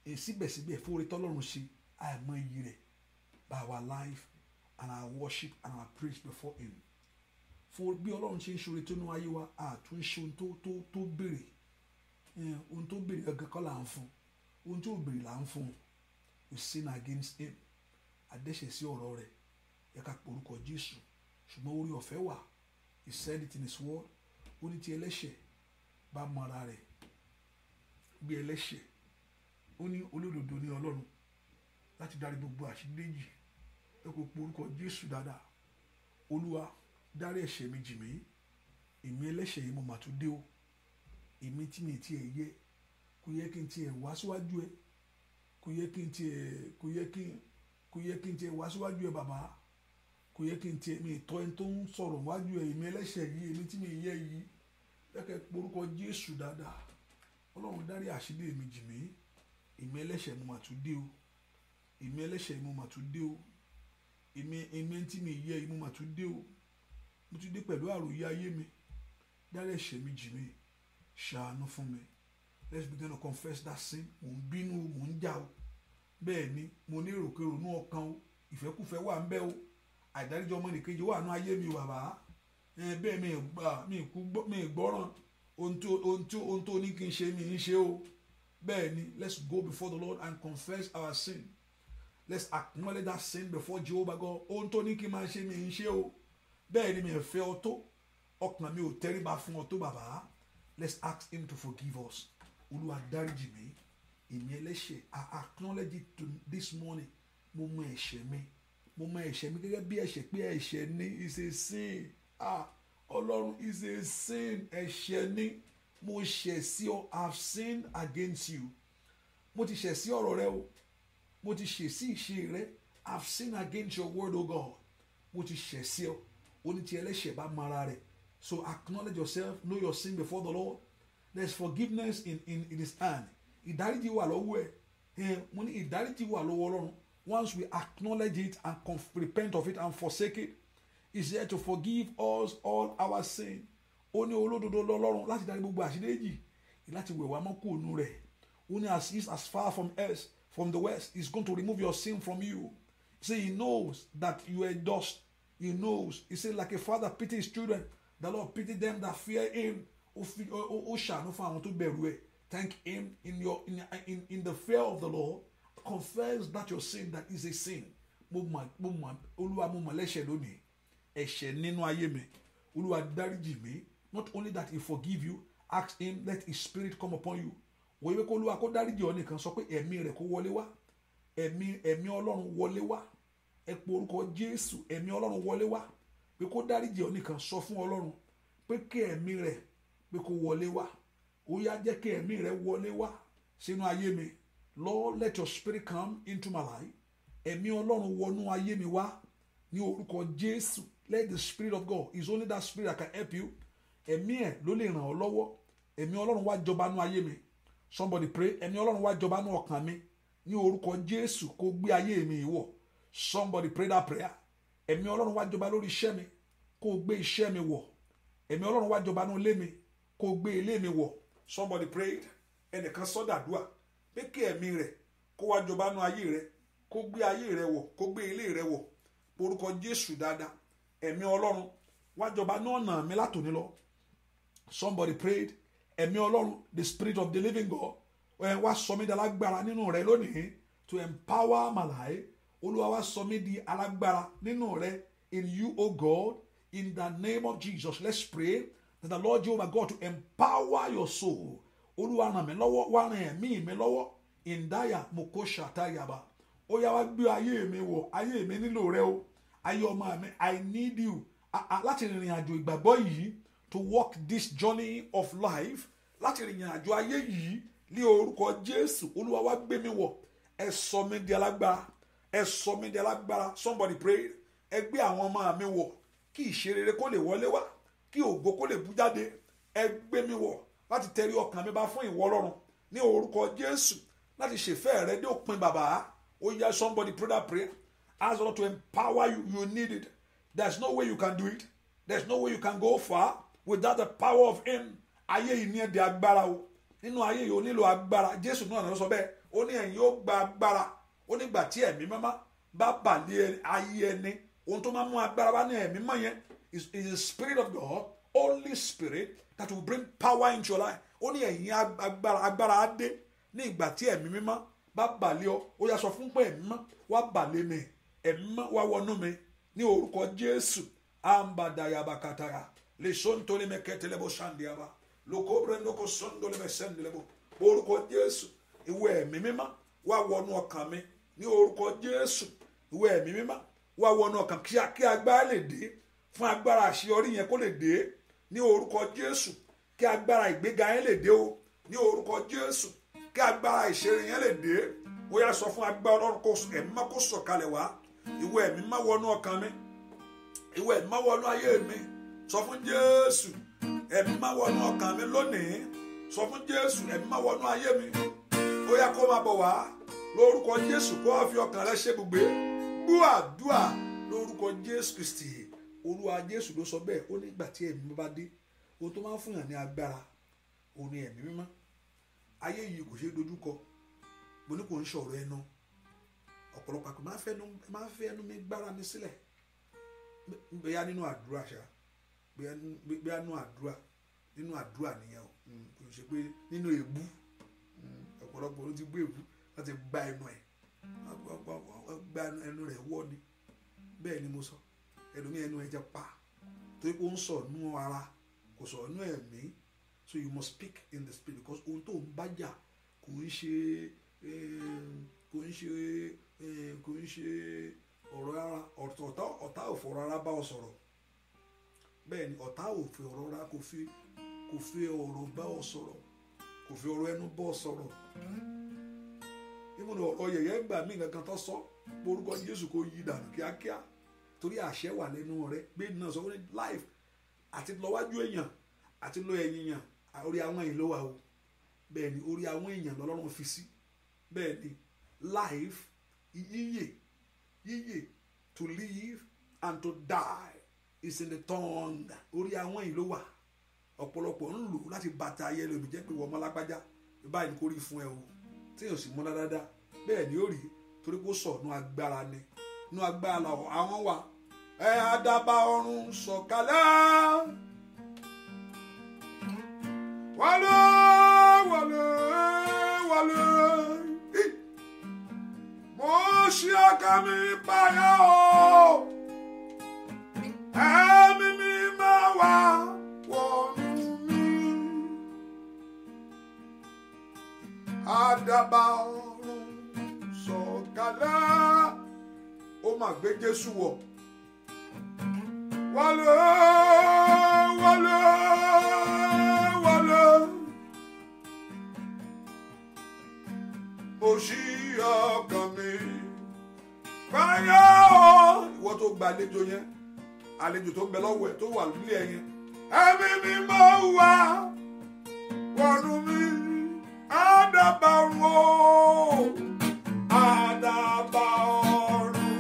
ẹ̀. Síbẹ̀síbẹ̀ fúnre tọ́lọ́run ṣe àìmọ̀ iyì rẹ̀ by our life and our worship and our praise before him For bí ọlọ́run ṣe ń ṣoore tó nú ayé wa àtún ṣe ohun tó tó tó béèrè eh, ohun tó béèrè gangan kọ́ là ń fún ohun tó béèrè là ń fún we sin against him adẹ́ṣẹ̀ sí ọ̀rọ̀ rẹ̀ yẹ ká porúkọ jésù ṣùgbọ́n orí ọ̀fẹ́ wà he said it in his word ó ní ti ẹlẹ́ṣẹ̀ bá mọ̀ra rẹ̀ bí ẹlẹ́ṣẹ̀ ó ní olódodo ní ọlọ́run láti dárí gbogbo àṣírí yìí ẹ kò pe orúkọ jésù dáadáa olúwa dárí ẹ̀ṣẹ̀ mi jì mí èmi ẹlẹ́ṣẹ̀ yìí mo mà tún dé o èmi tí mi tiẹ̀ yẹ kò yẹ kí n tiẹ̀ wá síwájú ẹ kò yẹ kí n tiẹ̀ kò yẹ kí n kò yẹ kí n tiẹ̀ wá síwájú ẹ bàbá kò yẹ kí n tiẹ̀ mi tọ́ ẹni tó ń sọ̀rọ̀ wájú ẹ èmi ẹlẹ́ṣẹ̀ yìí èmi tí mi yẹ yìí lẹ́kẹ̀ porúkọ jésù dáadáa ọlọ́run dárí àṣírí èmi jì mí èmi ẹlẹ́ṣẹ̀ mo mà tún dé o èmi ẹlẹ́ṣẹ̀ mo mà tún dé o èmi èmi tí mi yẹ mo mà dé o mo tún dé pẹ̀lú àròyé ayé mi dárí ẹ̀ṣẹ̀ mi jì mí ṣàánú fún mi let's begin to confess that sin mò ń bínú o mò ń jà o bẹ́ẹ̀ ni mo ní èròkèrò ọkàn o ìfẹ́kùfẹ́ wà ń bẹ o àìdáríjọ ọmọnìkejì wà nú ayé mi bàbá bẹ́ẹ̀ mi gbà mi kú mi gbọ́ràn ohun tó ohun tó ní kí n ṣe mi ń ṣe o bẹ́ẹ̀ ni let's go before the Lord and confess our sin let's acknowledge that sin before Jehovah God ohun tó ní kí n máa ṣe mi ń ṣe o bẹ́ẹ̀ ni mi ò fẹ́ ọ tó ọkàn mi ò tẹríba fún ọ tó bàbá let's ask him to forgive us olúwa dáríjì mi èmi ẹlẹ́ṣẹ̀ i acknowledge it to this morning mo mọ ẹ̀ṣẹ̀ mi mo mọ ẹ̀ṣẹ̀ mi gẹ́gẹ́ bí ẹ̀ṣẹ̀ pé ẹ̀ṣẹ̀ ni is a sin ah ọlọ́run is a sin ẹ̀ṣẹ̀ ni mo ṣẹ̀ sí ọ i have sinned against you mo ti ṣẹ̀ sí ọ̀rọ̀ rẹ o mo ti ṣẹ̀ ìṣe rẹ i have sinned against your word o god mo ti ṣẹ̀ ọ ó ti ẹlẹ́ṣẹ̀ bá mọ ara so acknowledge yourself know your sin before the lord there is forgiveness in in in his hand ìdáríjì wà lọ́wọ́ ẹ̀ mo ní ìdáríjì wà lọ́wọ́ ọlọ́run once we acknowledge it and repent of it and forsake it he is there to forgive us all our sin ó ní olódodo lọ́lọ́run láti dárí gbogbo àṣírí èjì láti wẹ̀ wá mọ́ kúrò nù rẹ̀ ó ní as is as far from us from the west. He's going to remove your sin from you. See, he knows that you are dust. He knows. He said, like a father pity his children, the Lord pity them that fear him. Thank him in your in, in, in the fear of the Lord. Confess that your sin that is a sin. not only that he forgive you, ask him, let his spirit come upon you wọ́n yẹ kó olúwa kó dáríjì ọ nìkan sọ pé ẹ̀mí rẹ̀ kó wọlé wá ẹ̀mí ẹ̀mí ọlọ́run wọlé wá ẹ pe orúkọ jésù ẹ̀mí ọlọ́run wọlé wá pé kó dáríjì ọ nìkan sọ fún ọlọ́run pé kí ẹ̀mí rẹ̀ pé kó wọlé wá ó yá jẹ́ kí ẹ̀mí rẹ̀ wọlé wá sínú ayé mi Lord let your spirit come into my life ẹ̀mí ọlọ́run wọnú ayé mi wá ní orúkọ jésù let the spirit of God is only that spirit that can help you ẹ̀mí ẹ̀ ló lè ràn ọ́ lọ́wọ́ ẹ̀mí ọlọ́run wá jọba nú ayé mi somebody pray ẹ̀mí ọlọ́run wá jọba ní ọkàn mi ní orúkọ jésù kó gbé ayé mi ìwọ̀ somebody pray that prayer ẹ̀mí ọlọ́run wá jọba lórí iṣẹ́ mi kó gbé iṣẹ́ mi wọ̀ ẹ̀mí ọlọ́run wá jọba ní ilé mi kó gbé ilé mi wọ̀ somebody prayed ẹnìkan sọ́dàdúà pé kí ẹ̀mí rẹ̀ kó wá jọba ní ayé rẹ̀ kó gbé ayé rẹ̀ wọ̀ kó gbé ilé rẹ̀ wọ̀ orúkọ jésù dáadáa ẹ̀mí ọlọ́run wá jọba ní ọ̀nà mi látòní lọ somebody prayed ẹ̀mí ọlọ́run the spirit of the living God ẹ wá sọ mí di alágbára nínú rẹ lónìí to empower my life olúwa wá sọ mí di alágbára nínú rẹ in you o God in the name of Jesus let's pray that the Lord Jehovah God to empower your soul olúwa ràn mí lọ́wọ́ wá ràn ẹ̀mí mi lọ́wọ́ ìndáyà mokosha tayaba ó yá wá gbé ayé mi wọ̀ ayé mi nílò rẹ o ayé ọmọ mi I need you láti rìnrìn àjò ìgbàgbọ́ yìí to walk this journey of life láti rìnrìn àjò ayé yìí ní orúkọ jésù olúwa wá gbé mi wọ̀ ẹ sọ mi di alágbára ẹ sọ mi di alágbára somebody pray ẹ gbé àwọn ọmọ mi wọ̀ kí ìṣerere kó lè wọlé wá kí ògo kó lè bú jáde ẹ gbé mi wọ̀ láti tẹrí ọkàn mi bá fún ìwọ ọlọ́run ní orúkọ jésù láti ṣèfẹ́ rẹ dé òpin bàbá ó yẹ somebody pray that prayer ask God to empower you you need it there is no way you can do it there is no way you can go far without the power of him ayé yìí ní ẹ̀dẹ̀ agbára o nínú ayé yìí o nílò agbára jésù náà ló sọ bẹ́ẹ̀ ó ní ẹ̀yin ó gba agbára ó nígbà tí ẹ̀mí mọ́mọ́ bá bàlẹ̀ ayé ẹni ohun tó máa mú agbára bá ní ẹ̀mí mọ́ yẹn is the spirit of God holy spirit that will bring power into your life ó ní ẹ̀yin agbára agbára á dé ní ìgbà tí ẹ̀mí mímọ́ bá bàlẹ̀ ọ ó yá sọ fún pé ẹ̀mí mọ́ wá bàlẹ̀ mi ẹ̀mí mọ́ wá wọnú mi ní orúkọ jésù àǹbàdàyàbàkàtàyà lesonto lemeketelebo shandiaba lokobrenoko e sondo lemesendelebo orúkọ jésù ìwé ẹ̀mí mímá wá wọnú ọkàn mi ní orúkọ jésù ìwé ẹ̀mí mímá wá wọnú ọkàn kí agbára lè dé fún agbára àṣeyọrí yẹn kó lè de. Ni orúkọ jésù kí agbára ìgbéga yẹn lè dé o ní orúkọ jésù kí agbára ìṣeré le de. dé ó yá sọ fún agbára ọlọ́run kó ẹ̀mí má kó sọ̀kalẹ̀ wá ìwé ẹ̀mí má wọnú ọkàn mi ìwé ẹ̀mí má wọnú ayé mi sọ fún jésù ẹ̀mí máa wọnú ọkàn mi lónìí sọ fún jésù ẹ̀mí máa wọnú ayé mi ó yá kó máa bọ̀ wá lórúkọ jésù kó wá fi ọkàn rẹ ṣe gbùgbé gbúà dúà lórúkọ jésù kristi olúwa jésù ló sọ bẹ́ẹ̀ ó nígbà tí ẹ̀mí bá dé ohun tó máa ń fúnyàn ní agbára òun ni ẹ̀mí mímọ́ ayé yìí kò ṣeé dojúkọ mo ní kò ń ṣọ̀rọ̀ ẹnu ọ̀pọ̀lọpọ̀ àpò máa fẹ́ ẹnu mi gbára mi sílẹ̀ bóyá nínú àdúrà ṣáà bí a nú nínú àdúrà nìyẹn o mm, kò ṣe pé nínú èébú mm, ọ̀pọ̀lọpọ̀ ló ti gbé èébú láti gba ẹnu ẹ̀ gba ẹnu rẹ̀ wọ́ bẹ́ẹ̀ ni mo sọ ẹlòmíì ẹnu ẹ̀ jẹ́ pa torí ó ń sọ nú ara kò sọ nú ẹ̀mí so you must speak in the spirit because ohun tó ń bájà kò ń ṣe eh, kò ń ṣe eh, kò ń ṣe ọ̀rọ̀ ara ọ̀tá ò fọ̀rọ̀ ara bá ọ sọ̀rọ̀ bẹ́ẹ̀ ni ọ̀tá ò fi ọ̀rọ̀ ra kò fi kò fi ọ̀rọ̀ bá ọ sọ̀rọ̀ kò fi ọ̀rọ̀ ẹnu bọ́ ọ sọ̀rọ̀ ìmúna ọ̀rọ̀ yẹ̀yẹ́ gbà mí nǹkan tó sọ orúkọ Jésù kò yí dànù kíákíá torí àṣẹ wà lẹ́nu rẹ gbé náà sọ wọ́n life àti lọ́wájú èèyàn àti lọ ẹ̀yìn èèyàn orí àwọn èèyàn ló wà o bẹ́ẹ̀ ni orí àwọn èèyàn lọ́lọ́run fi sí bẹ́ẹ̀ ni life yíyè yíyè to live and to die is in the tongue orí àwọn yìí ló wà ọ̀pọ̀lọpọ̀ ń lò láti bàtà ayé lómi jẹ́ pé wọ́n ọmọlágbájá báyìí kò rí fún ẹ o téèyàn sì múná dáadáa bẹ́ẹ̀ ni ó rí torí kó sọ nu agbára ni nu agbára la àwọn wà ẹ àdàbà ọ̀run sọ̀kalẹ̀ wọlé wọlé wọlé mo ṣe ọkàn mi báyà o ẹ̀mí mi àdàbà ọ̀run sọ̀kalẹ̀ ó mà gbé Jésù wọ̀ wálé wálé wálé mo ṣí ọkàn mi fáyọ̀ àlejò tó ń bẹ lọ́wọ́ ẹ̀ tó wà nílé ẹ̀ yẹn. ẹ̀mí mi máa wà wọnú mi àdàbà ọ̀run àdàbà ọ̀run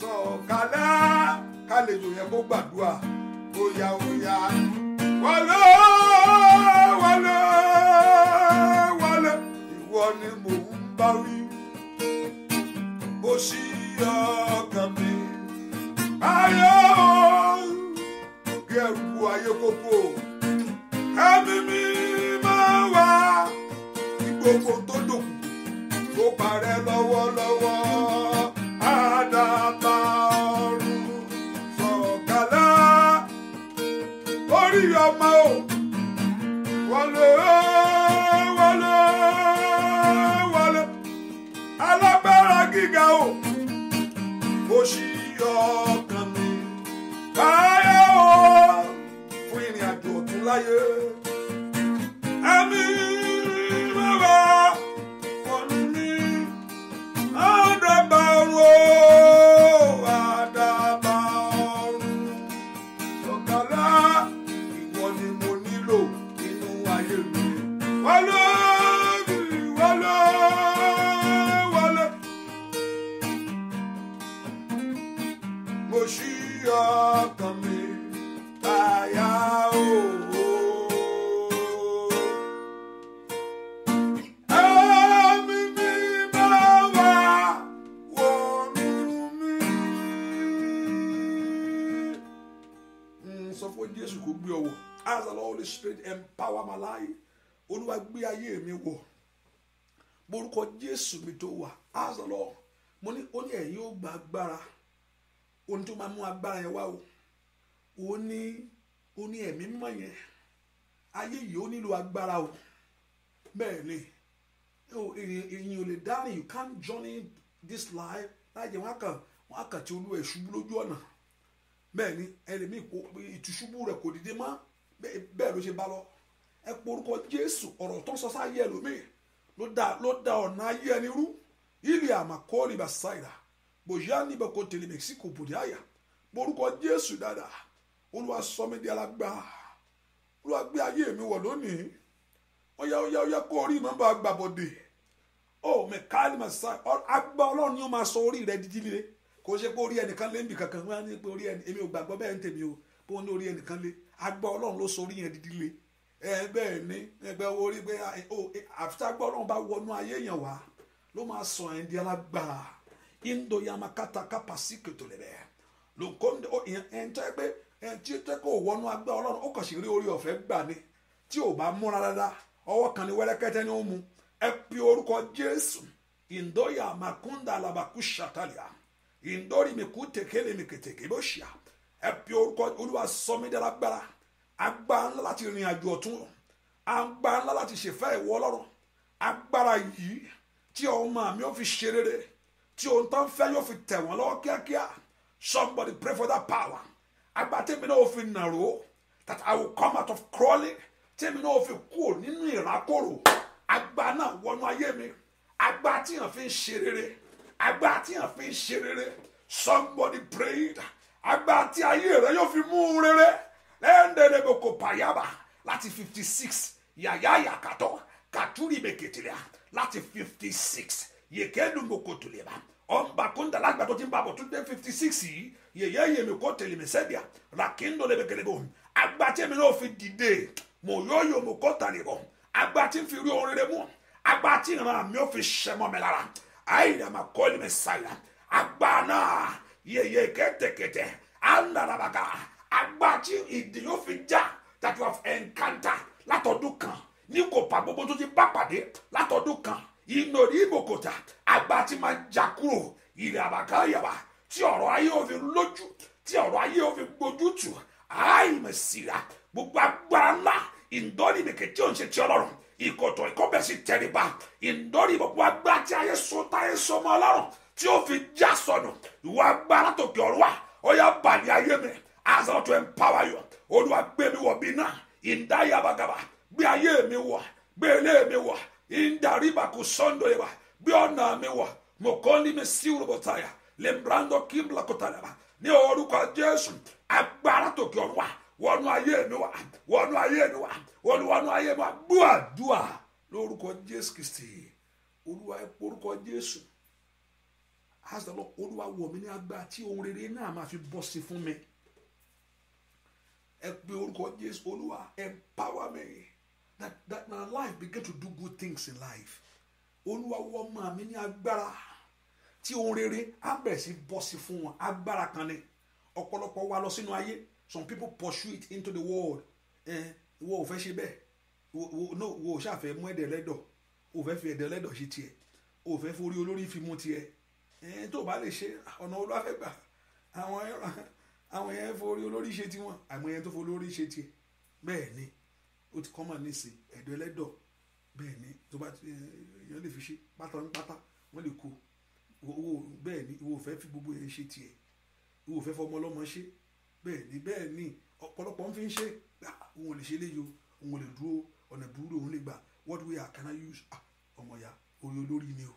sọ̀kalẹ̀ kálejò yẹn kó gbàdúrà bóyá wọlé wọlé wọlé ìwọ ni mò ń bá wí bó ṣí ọkàn mi ayé o kí ẹrù bu ayé kókó ẹ̀mí mi máa wá kí gbogbo tó dòkù kó parẹ́ lọ́wọ́lọ́wọ́. fire. jésù mi tó wà ask the lord mo ní ó ní ẹ̀yin ó gba agbára ohun tó máa mú agbára yẹn wá o ó ní ó ní ẹ̀mí mímọ́ yẹn ayé yìí ó nílò agbára o bẹ́ẹ̀ ni èyí ò lè dárìn you can't journey this life láì jẹ́ wọn kàn wọn kàn ti olú ẹ̀ ṣubú lójú ọ̀nà bẹ́ẹ̀ ni ẹlẹ́mìí kò ìtúṣubú rẹ̀ kò dìde mọ́ bẹ́ẹ̀ ló ṣe bá lọ ẹ porúkọ jésù ọ̀rọ̀ tó ń sọ sáyé ẹlòmíì ló da ló da ọ̀nà ayé ẹni rú ilẹ̀ àmàkọ́ọ̀lì bàṣáìrà bòyá níbẹ̀ kò tèlè mẹ́síkò bòdáyà borúkọ jésù dáadáa olúwa sọ mí di alágbára olúwa gbé ayé mi wọ̀ lónìí ọ̀yá ọ̀yá ọ̀yá kó orí nọ́mbà gbàbọ̀dè ó mẹ́kálí màṣáì agbá ọlọ́run ni ó máa sọ orí rẹ dídí lé kò ṣe pé orí ẹnìkan lé níbi kankan wọn á ní pé orí ẹni èmi ò gbàgbọ́ bẹ́ẹ̀ ń tèmi o pé ní orí ẹnìkan lé agbá ọlọ́run ló sọ orí yẹn dídí lé ẹgbẹ́ mi ẹgbẹ́ orí pé àfitágbọ́ràn bá wọnú ayé yẹn wá ló máa sọ ẹ̀ di alágbára indo yamakata kapasi kòtòlè rẹ̀ lòkòndé ẹ̀ ń tọ́ pé ẹ̀ tí tẹ́ kó wọnú agbá ọlọ́run ó kàn sí rí orí ọ̀fẹ́ gbà ni tí ò bá múra ọwọ́ kan ní wẹ́rẹ́kẹ́tẹ́ ni ó mu ẹ pe orúkọ jésù indo alabaku shatalia kú tekele mi kètèké bó ẹ pe orúkọ olúwa agbára ńlá láti rìn àjò ọ̀tun agbára ńlá láti ṣèfẹ́ ìwọ ọlọ́run agbára yìí tí ọmọ mi ò fi ṣe rere tí ohun tó ń fẹ́ yóò fi tẹ̀ wọ́n lọ́wọ́ kíákíá somebody pray for that power agbára tèmi náà ò fi nàró that I will come out of crawling tèmi náà ò fi kúrò nínú ìrákòrò agbára náà wọnú ayé mi agbára tí yàn fi ń ṣe rere agbára tí yàn fi ń ṣe rere somebody prayed agbára tí ayé rẹ yóò fi mú un rere lẹ́ndẹ̀ẹ́dẹ́gbẹ̀kọ̀pàyàbà láti fifty six yàyàyà kàtọ́ kàtúrì bèkìtìlẹ̀ láti fifty six yèkédùnmọ̀kọ̀tòlẹ̀bà ọ̀nbàkúndà lágbà tó ti ń bàbọ̀ tó dé fifty six yìí yèyé yèmí kó tèlémẹsẹ́bíà làkíndò lẹ́bẹ̀kẹ̀lẹ́bọ̀ agbátí mi náà fi dìde mò yóò yọ mò kó tàlẹ́bọ̀ agbátí fi rí orin rẹ mú agbátí ìran mi ò fi ṣẹmọ́ mi lára àìyàmà kọ́lé mi sàyà agbá náà yèyé kẹ́tẹ̀kẹ́tẹ̀ àndàlàbàgà agbára tí ìdè yóò fi já that you have encountered látọdún kan ní kò pa gbogbo tó ti bá pàdé látọdún kan ìnòrí ìgbòkòtà àgbà tí máa já kúrò ìrìn àbàkà yàrá tí ọ̀rọ̀ ayé ò fi lójú tí ọ̀rọ̀ ayé ò fi gbójútù àìmọ̀síra gbogbo agbára ńlá ìdánimẹ̀kẹ́ tí ò ń ṣe ti ọlọ́run ìkọ̀tọ̀ ìkọ́bẹ̀ sí tẹríba gbogbo agbára tí ayé so táyé so mọ́ ọlọ́run tí ó fi já sọnù ìwọ agbára tòkè ọ̀rọ̀ wa ó bàlẹ́ ayé mi ask God to empower you olúwa gbé mi wọ̀ bí náà ìdáyàbàgàbà gbé ayé mi wọ̀ gbé ilé mi wọ̀ ìdàríbàkú sọ́ńdọ̀ ìwà gbé ọ̀nà mi wọ̀ mo kọ́ ní mi sí rògbòtàyà lembrando kimbla kotalaba ní orúkọ jésù agbára tòkè ọ̀run wa wọnú ayé mi wá wọnú ayé mi wá olùwọnú ayé mi wá gbúàdúà lórúkọ jésù kristi olúwa orúkọ jésù azọlọ olúwa wọ̀ mí ní agbára tí ohun rere náà máa fi bọ́ sí fún mi ẹ pe orúkọ Jésù Olúwa empower me that that my life begin to do good things in life Olúwa wọ ọmọ mi ní agbára tí ohun rere á bẹ̀rẹ̀ sí bọ́ sí fún wọn agbára kan ni ọ̀pọ̀lọpọ̀ wa lọ sínú ayé some people pursue it into the world ẹ ìwọ ò fẹ́ ṣe bẹ́ẹ̀ no wo ṣàfẹ́ mú ẹ̀dẹ̀ lẹ́dọ̀ ò fẹ́ fi ẹ̀dẹ̀ lẹ́dọ̀ ṣe tiẹ̀ ò fẹ́ forí olórí fi mú tiẹ̀ ẹ tó o bá lè ṣe ọ̀nà olúwàfẹ́gbà àwọn ẹran àwọn yẹn forí olórí ṣe tiwọn àwọn yẹn tó forí olórí ṣe tiẹ̀ bẹ́ẹ̀ ni ó ti kọ́mọ̀ nísìn ẹ̀dọ̀ ẹlẹ́dọ̀ bẹ́ẹ̀ ni tó bá eh, yẹn lè fi ṣe pátá ní pátá wọ́n lè kó owó bẹ́ẹ̀ ni ìwọ fẹ́ fi gbogbo yẹn ṣe tiẹ̀ ìwọ fẹ́ fọmọ ọlọ́mọ ṣe bẹ́ẹ̀ ni bẹ́ẹ̀ ni ọ̀pọ̀lọpọ̀ ń fi ń ṣe ah, òun ò lè ṣe léyò òun ò lè dúró ọ̀nà ìdúró òun lè gbà what way I can I use ah, ọmọ ya orí olórí ni o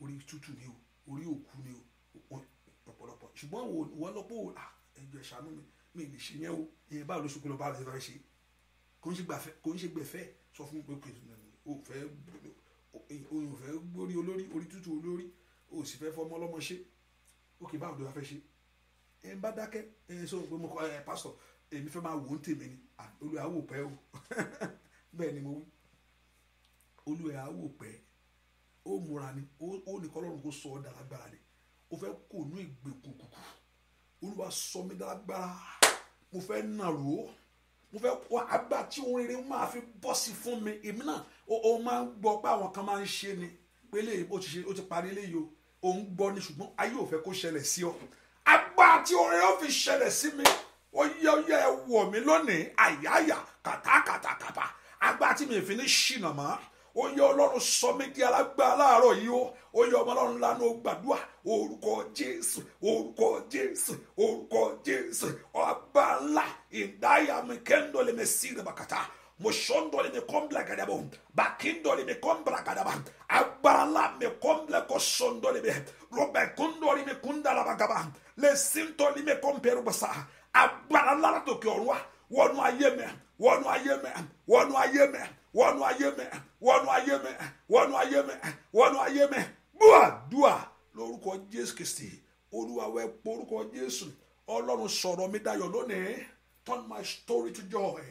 orí tútù ni o orí òkú ni o ọ̀pọ̀lọpọ̀ ṣùgbọ́n wọn lọ pé ah, ẹjọ ìṣàánú mi mi lè ṣe yẹn o ìyẹn báwo ló ṣokùn lọ báwo lè máa ṣe kò ń ṣe gbẹ̀fẹ́ sọ fún mi pé o fẹ́ oyún fẹ́ gbórí olórí orí tútù olórí o sì fẹ́ fọmọ ọlọ́mọ ṣe ok báwo ló wá fẹ́ ṣe ẹ bá dákẹ́ ẹ sọ pé mo kọ ẹ pásítọ̀ èmi fẹ́ máa wò ó ń tèmi ni olùyà wò pẹ́ o bẹ́ẹ̀ ni mo wí olùyà wò pẹ́ ó múra ni ó ní kọ́ lọ́run kó sọ ọ́ dàlágbára ni ó fẹ́ kó nú ìgbèkùn olúwa sọ mí dágbára mo fẹ́ nàró mo fẹ́ wá àgbà tí ohun rere máa fi bọ́ sí fún mi èmi náà o máa ń gbọ́ pé àwọn kan máa ń ṣe ni pé lè o ti ṣe o ti parí eléyìí o òun gbọ́ ni ṣùgbọ́n ayé ò fẹ́ kó ṣẹlẹ̀ sí ọ àgbà tí ohun rere ó fi ṣẹlẹ̀ sí mi ó yẹ ó yẹ wọ̀ mí lónìí àyàyà kàtàkàtàkàtà àgbà tí mi fi ní ṣìnà mọ́ ó yẹ ọlọ́run sọ mí di alágbára láàárọ̀ yìí o ó yẹ ọmọ ọlọ́run lánà ó gbàdúrà orúkọ jésù orúkọ jésù orúkọ jésù ọba ńlá ìdáyàmí kẹ́ńdọ̀lẹ́mẹ sí ìrẹ̀bàkàtà moshondole me kombla gadabo bakindole me kombla gadaba agbala me kombla kosondole me robe kundole me kundala bagaba le sintoli me komperu basa agbala lara to ki orwa wọnú ayé mi wọnú ayé mi wọnú ayé mi wɔn ayé mi wɔn ayé mi wɔn ayé mi wɔn ayé mi bua dua lórúkọ jésù kristi olúwa porúkọ jésù ọlọ́run sọ̀rọ̀ mi turn my story to joy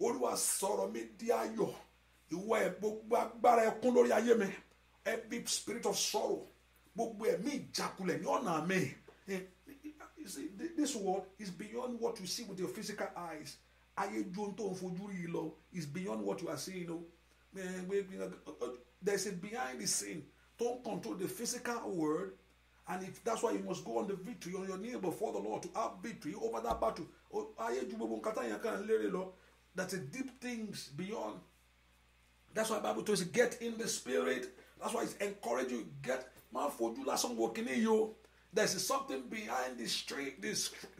olúwa sọ̀rọ̀ mi di ayọ̀ ìwọ ẹ̀ gbogbo agbára ẹkún lórí ayé spirit of sorrow gbogbo ẹ̀mí ìjákulẹ̀ ní ọ̀nà mi eh, this world is beyond what you see with your physical eyes. ayé ju ohun tó ń fojú rí lọ is beyond what you are seeing o there is a behind the scene don't control the physical world and if that's why you must go on the victory on your knee before the Lord to have victory over that battle ayé ju gbogbo nǹkan táyà kan lérè lọ that's a deep things beyond that's why Bible tells you get in the spirit that's why it's encourage you get Man, fojú lásán wo kíní yìí o there is something behind the screen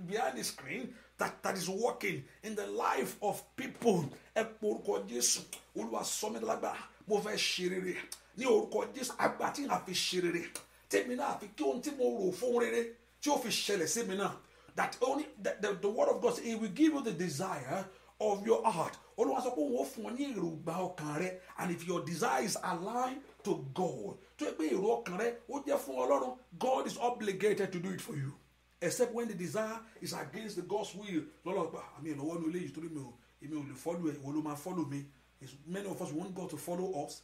behind the screen that, that is working in the life of people ẹ pọ orúkọ Jésù Olúwa sọ mí lágbára mo fẹ́ ṣe rere ní orúkọ Jésù àgbà tí n fi ṣe rere tèmi náà fi kí ohun tí mo rò fún rere tí ó fi ṣẹlẹ̀ sí mi náà that only the, the, the word of God say he will give you the desire of your heart Olúwa sọ pé òun ó fún ọ ní èròǹgbà ọkàn rẹ and if your desires align to God tó yẹ pé èrò ọkàn rẹ ó jẹ́ fún Ọlọ́run God is obligated to do it for you except when the desire is against the God's will lọ́lọ́ gba ah, àmì ìlọ́wọ́ ní olè yìí torí mi ò èmi ò lè follow ẹ̀ ìwọ ló máa follow me is many of us want God to follow us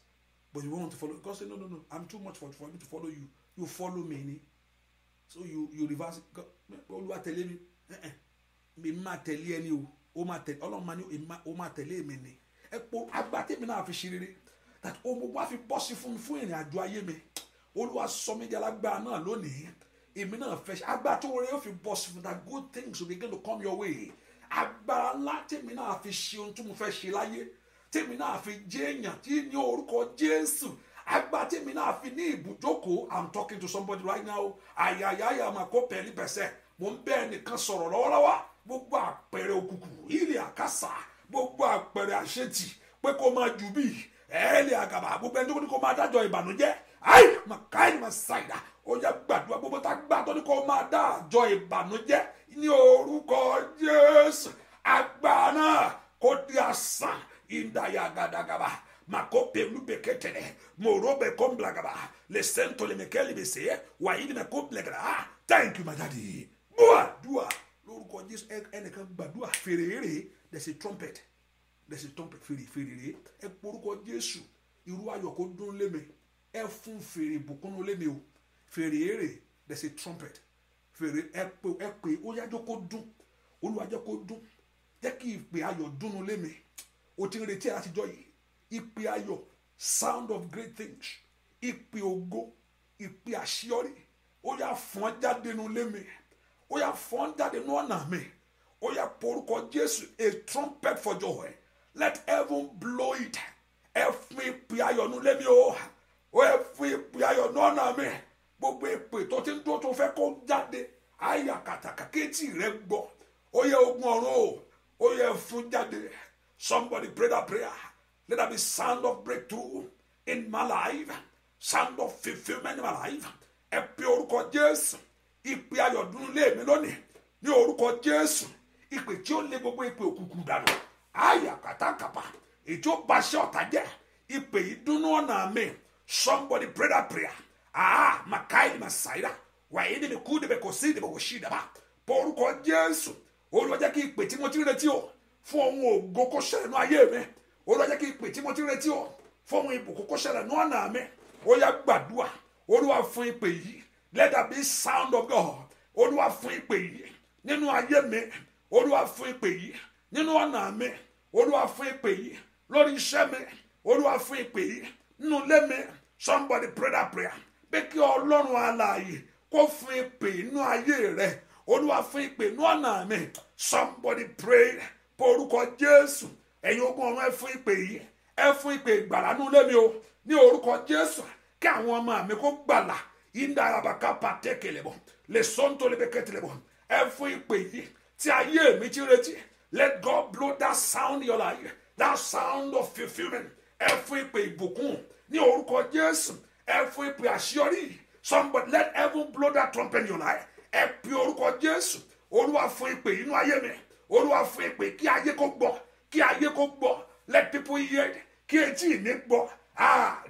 but we want to follow God say no no no I'm too much for, for me to follow you you follow me ni so you you reverse God olúwa tẹ̀lé mi mi máa tẹ̀lé ẹni o ó máa tẹ̀lé ọlọ́run máa ní ó máa tẹ̀lé mi ni ẹ po agbá tèmi náà fi ṣe rere that ohun gbogbo á fi bọ́ sí fún mi fún ìrìn àjò ayé mi olúwa sọ mí di alágbára náà lónìí èmi náà fẹ́ ṣe agbára tó wọlé yóò fi bọ̀ sí fún that good things will begin to come your way agbára ńlá tèmi náà fi ṣe ohun tí mo fẹ́ ṣe láyé tèmi náà fi jẹ́ èèyàn tí ní orúkọ Jésù agbára tèmi náà fi ní ibùjókòó i'm talking to somebody right now àyàyàyà máa kó pẹ̀lú pẹ̀sẹ̀ mo ń bẹ́ẹ̀ nìkan sọ̀rọ̀ lọ́wọ́lọ́wọ́ gbogbo àpẹẹrẹ òkùnkùn ilé àkàsà gbogbo àpẹẹrẹ àṣetì pé kó máa jù bíi ẹ̀ẹ́lì àgàbà gbogbo ẹni tó kó máa dájọ́ ìbànújẹ́ ayi màkàí màsáìdá ó yẹ gbàdúrà gbogbo tá a gbà tó ní kó máa dá àjọ ìbànújẹ́ ní orúkọ jésù agbára náà kó di àsán ìdáyà gàdàgàbà makope lubeketele morobe komblagaba lesento lemekelebese wayidi mekoblagaba ah, thank you my daddy bua dua lórúkọ jésù ẹnìkan gbàdúrà fèrèrè there's a trumpet there's a trumpet fèrèrè ẹ porúkọ jésù irú ayọ̀ kó dún lémi ẹ fún fèrè ìbùkúnnú lémi o fèrè èrè there's trumpet fèrè ẹ pé ẹ pé ó yájọ́ kó dún olúwa kó dún jẹ́ kí ìpè ayọ̀ dúnnu lémi o ti retí àtijọ́ yìí ìpè ayọ̀ sound of great things ìpè ògo ìpè àṣeyọrí ó yá fọ́n jáde nu lémi ó yá fọ́n jáde nu ọ̀nà mi ó yá porúkọ Jésù a trumpet for joy let heaven blow it ẹ fún ìpè ayọ̀ nu lémi o. Oh. ó yẹ fún ìpè ayọ̀ náà nà gbogbo ìpè tó ti ń dúró tó fẹ́ kó jáde àyà kàtàkà ogun o fún somebody pray that prayer let that be sound of breakthrough in my life sound of fulfilment in my life ẹ orúkọ Jésù ìpè ayọ̀ dún lónìí ní orúkọ Jésù ìpè tí ó lé gbogbo ìpè òkùnkùn dànù àyà kàtàkàpà ètò Somebody pray that prayer. Ah, Makai Masaira. Wàyíní mi kú níbẹ̀ kò sí níbẹ̀ kò sí ìdàbà. Bọ́ọ̀rùkọ Jésù. Olúwa jẹ́ kí ìpè tí mo ti retí o. Fún ohun ògo kó ṣẹlẹ̀ nú me. mi. Olúwa jẹ́ kí ìpè tí mo ti retí o. Fún ohun ìbùkún kó ṣẹlẹ̀ nú ọ̀nà mi. Ó yá gbàdúrà. Olúwa fún ìpè yìí. Let that be sound of God. Olúwa fún ìpè yìí. Nínú ayé mi. Olúwa fún ìpè yìí. Nínú ọ̀nà mi. Olúwa fún ìpè yìí. Lórí iṣẹ́ me. Olúwa fún ìpè yìí nínú ilé mi somebody pray that prayer pé kí ọlọ́run alààyè kó fún ìpè inú ayé rẹ olúwa fún ìpè inú ọ̀nà mi somebody pray pé orúkọ jésù ẹ̀yin ogun ọ̀run ẹ fún ìpè yìí ẹ fún ìpè ìgbàlá nínú ilé mi o ní orúkọ jésù kí àwọn ọmọ mi kó gbàlà ìdárabàká pàtẹ́kẹ̀lẹ̀bọ̀ lè sọ́ńtò lè bẹ́kẹ̀tẹ̀lẹ̀bọ̀ ẹ fún ìpè yìí tí ayé mi ti retí let God blow that sound in your life that sound of fulfilment ẹ fún ìpè ìbùkún ní orúkọ jésù ẹ fún ìpè àṣeyọrí somebody let heaven blow that trumpet in your life ẹ pe orúkọ jésù olúwa fún ìpè inú ayé mi olúwa fún ìpè kí ayé kó gbọ́ kí ayé kó gbọ́ let people hear it kí etí mi gbọ́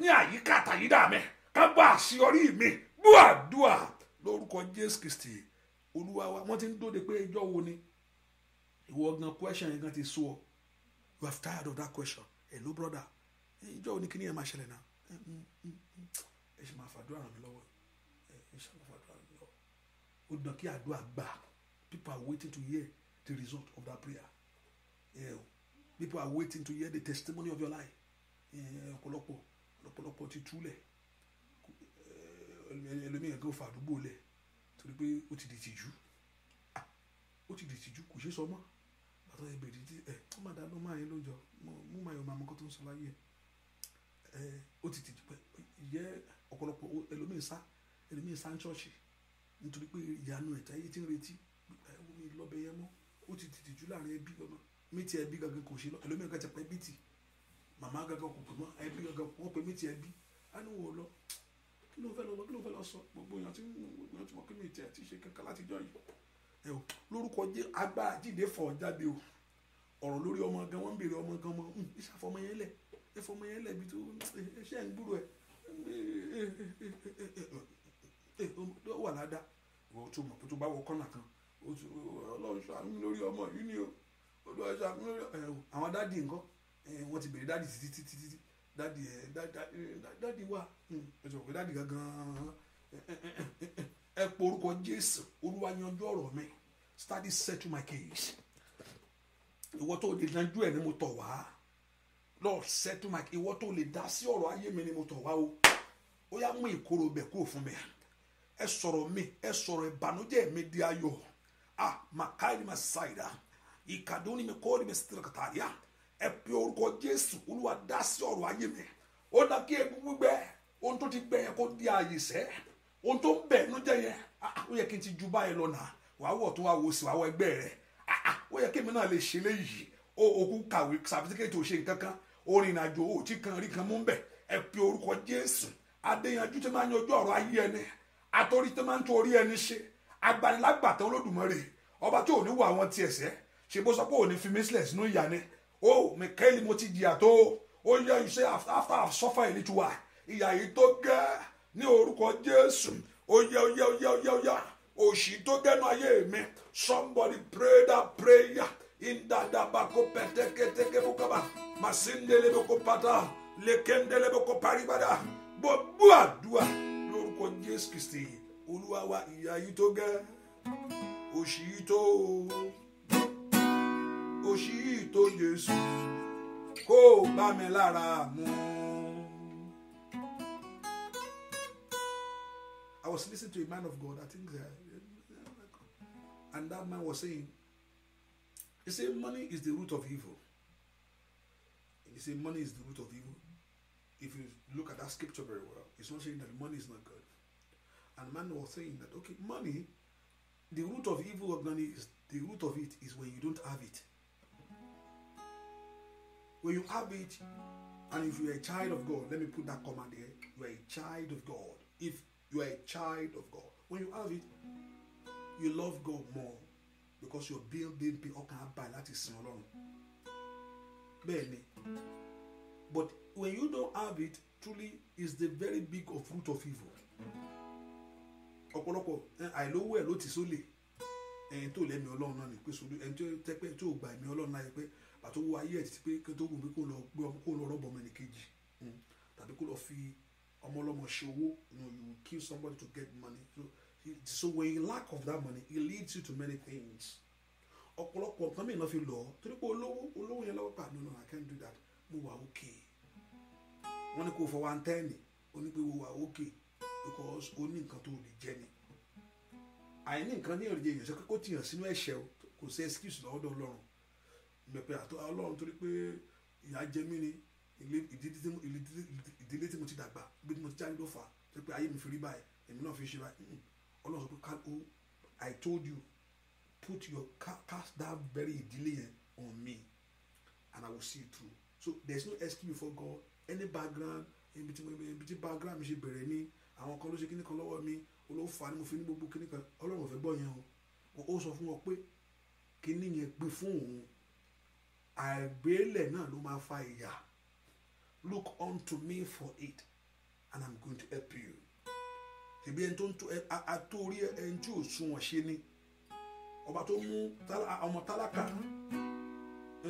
ní àyíká àtàyídà mi ká gbọ́ àṣeyọrí mi gbúàdúà lórúkọ jésù kristi olúwa wa wọ́n ti ń dóde pé ẹjọ́ wo ni ìwọ gan question yẹn gan ti sú ọ you have tired of that question hello brother ìjọ òní kí ni ẹ̀ máa ṣẹlẹ̀ náà ẹ mm, mm, mm. ṣe máa fàdúrà ràn mí lọ́wọ́ ẹ ṣe máa fàdúrà ràn mí lọ́wọ́ ó dùn kí àdúrà gbà people are waiting to hear the result of that prayer yeah. people are waiting to hear the testimony of your life ọ̀pọ̀lọpọ̀ ọ̀pọ̀lọpọ̀ ti túlẹ̀ ẹlòmíràn gan fa àdúgbò lẹ̀ torí pé ó ti di tìjú ó ti di tìjú kò ṣeé sọ mọ́ bàtà ìbèrè ẹ ó má dáná máa yẹn lóúnjọ mú máa yọ màmú kó tó ń sọ láyé ẹ o ti tìjú pé ìyẹ́ ọ̀pọ̀lọpọ̀ ẹlòmíì sá ẹlòmíì sá ń ṣọ́ọ̀ṣì nítorí pé ìyanu ẹ̀tá yìí ti ń retí omi lọ́bẹ̀ yẹn mọ́ ó ti tìjú láàrin ẹbí ọmọ mi ti ẹbí gangan kò ṣe lọ ẹlòmíì kan ti pẹ́ bí ti màmá gangan kò pè mọ́ ẹbí gangan wọ́n pè mí ti ẹbí á ní wò lọ kí ló fẹ́ lọ kí ló fẹ́ lọ sọ gbogbo èèyàn tí wọ́n ti mọ̀ kí mi ti ẹ̀ ti ṣe kankan látijọ́ yìí ẹ o lórúkọ jẹ́ agbára jíde fọ̀ jáde o ọ̀rọ̀ lórí ọmọ gan wọ́n ń béèrè ọmọ gan mọ́ ìṣàfọmọ yẹn lẹ̀ ẹ fọmọ yẹn lẹ́bi tó ẹ ṣe ń gbúrò ẹ ó wà ládàá ìwọ tó mọ̀ pé tó bá wọ kọ́nà kan ọlọ́run ṣàánú lórí ọmọ yìí ni o olùwà ṣàánú lórí ẹ o àwọn dádì nǹkan wọ́n ti bẹ̀rẹ̀ dádì títí títí títí dádì ẹ dádì wà ẹ sọ̀rọ̀ pé dádì gangan ẹ pọ orúkọ Jésù Olúwa yanjú ọ̀rọ̀ mi study settle my case ìwọ tó o lè yanjú ẹ ni mo tọ̀ wá. lord settle my ìwọ tó lè dá sí ayé mi ni mo tọ̀ wá o ó yá mú ìkorò bẹ̀ kúrò fún mi ẹ sọ̀rọ̀ mi ẹ sọ̀rọ̀ ìbànújẹ́ mi di ayọ̀ ah makai ma ah. ṣàìdá ìkàdúnni mi kọ́ ni mi sítìrì kàtàríà ẹ pe orúkọ jésù olúwa dá sí ọ̀rọ̀ ayé mi ó dá kí egun gbígbẹ ohun tó ti gbẹ yẹn kó di ààyè sẹ́ ohun tó ah, n ti orin ìrìnàjò òtí kan rí kan mú bẹ̀ ẹ pe orúkọ jésù adéyanjú tí máa ń yanjú ọ̀rọ̀ ayé ẹni atorí tí máa ń torí ẹni ṣe agbanilágbàtàn olódùmarè ọba tí ò ní wà wọn ti ẹ̀ṣẹ̀ ṣe bó sọ pé ò ní fi mí sílẹ̀ sínú ìyà ni o mikaeli mo ti jìyà tó ó yẹ iṣẹ́ after i suffer a little while ìyà yìí tó gẹ́ ní orúkọ jésù ó yẹ ó yẹ ó yẹ ó yẹ òṣì tó gẹ́nu ayé mi somebody pray that prayer indada bako peteke teke bukaba masindele boko pata lekendele boko paribada gbogbo àdúrà lórúkọ Jésù Kristi Olúwa wa ìyà yìí tó gẹ́ òṣì yìí tó òṣì yìí mi lára mu. I was listening to a man of God, I think, uh, and that man was saying, He said, Money is the root of evil. He said, Money is the root of evil. If you look at that scripture very well, it's not saying that money is not good. And man was saying that, okay, money, the root of evil of money is the root of it is when you don't have it. When you have it, and if you're a child of God, let me put that comma there. You are a child of God. If you are a child of God, when you have it, you love God more because your bill dey pay ọkàn á báyìí láti sin ọlọ́run bẹ́ẹ̀ ni but when you don't have it truly is the very big of root of evil ọ̀pọ̀lọpọ̀ àìlówó ẹ̀ ló ti sólè ẹni tó lẹ́mìí ọlọ́run náà ni pé sólè ẹni tó tẹ́pẹ́ tó gbà ẹ̀mí ọlọ́run náà yẹ pé pàtó wo ayé ẹ̀ ti pé kí tó wù mí kó lọ gbé ọmọ kó lọ rọ́bọ̀ ọmọ ẹnì kejì hmm. tàbí kó lọ fi ọmọ ọlọ́mọ ṣe owó you know you kill somebody to get money so so when you lack of that money it leads you to many things ọ̀pọ̀lọpọ̀ nǹkan mìíràn fi lọ torí pé olówó olówó yẹn lọ́wọ́ pa no no i can't do that mo wà òkè wọ́n ní kó fọwọ́ antẹ́ẹ̀nì onípéwò wà òkè because o ní nǹkan tó lè jẹ ni àìní nǹkan ní èròjà èèyàn sọ pé kó tìyàn sínú ẹ̀ṣẹ̀ o kò sí excuse lọ́dọ̀ ọlọ́run mẹ̀pẹ́ àtọ́ ọlọ́run torí pé ìyá jẹ mí ni ìdílé tí mo ti dàgbà bí mo ti jáde ló fà á torí pé ayé mi fi rí báyìí èmi náà fi ṣe báyìí hmm ọlọ́run sọ pé i told you put your cast that very delay on me and i will see you through so there is no excuse before god any background ibi tí ibi tí background mi ṣe bẹ̀rẹ̀ ní àwọn kan ló ṣe kíní kan lọ́wọ́ mi olówó fa ni mo fi ní gbogbo kíní kan ọlọ́run ò fẹ́ gbọ́ yẹn o ó sọ fún wọn pé kíní yẹn pín fún òun àìgbélẹ̀ náà ló máa fa ìyà look unto me for it and i'm going to help you ṣèbí ẹni tó ń tó àtórí ẹni tí ò sunwọ̀n ṣe ni ọba tó mú ọmọ tálákà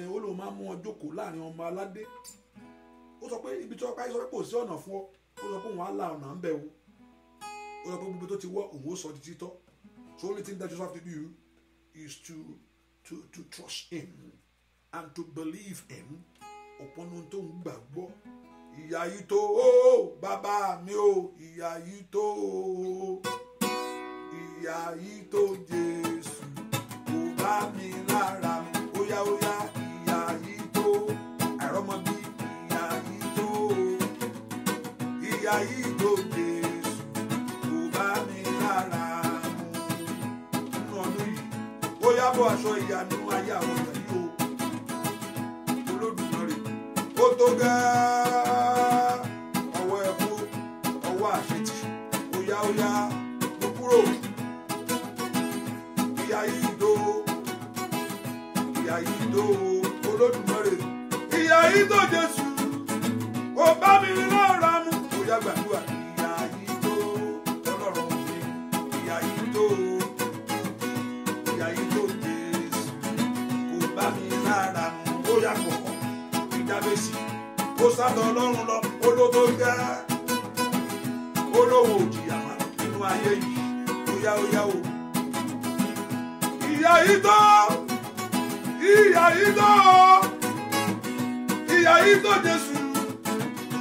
ó lóun máa mú ọ jókòó láàrin ọmọ aládé ó sọ pé ibi tí ọkọ ayé sọ pé kò sí ọ̀nà fún ọ ó sọ pé òun á la ọ̀nà ń bẹ o ó sọ pé gbogbo tó ti wọ òun ó sọ di títọ́ so only thing that you have to do is to to to trust him and to believe him ọ̀pọ̀ ohun tó ń gbàgbọ́ ìyà yìí tó o bàbá mi o ìyà yìí tó o ìyà yìí tó Jésù kò bá mi lára óyá óyá ìyà yìí tó àìrọ́mọbí ìyà yìí tó ìyà yìí tó Jésù kò bá mi lára mú nínú ọdún yìí óyá bọ́ aṣọ ìyanu ayé àwọn ọ̀gá yìí o olódùmarè ó tó gẹ́ẹ́. òjò olódùmarè ìyá yìí tó Jésù ó bá mi lọ́ra mu ó yá gbàdúrà ìyá yìí tó ọlọ́run mi ìyá yìí tó ìyá yìí tó Jésù ó bá mi lára mu ó yá kọ̀ọ̀kan ìdábẹ́sí ó sátọ̀ ọlọ́run lọ ológo gá olówó òjìyà mà nínú ayé yìí ó yá ó yá ó ìyá yìí tó ìyá yìí tó ìyá yìí tó Jésù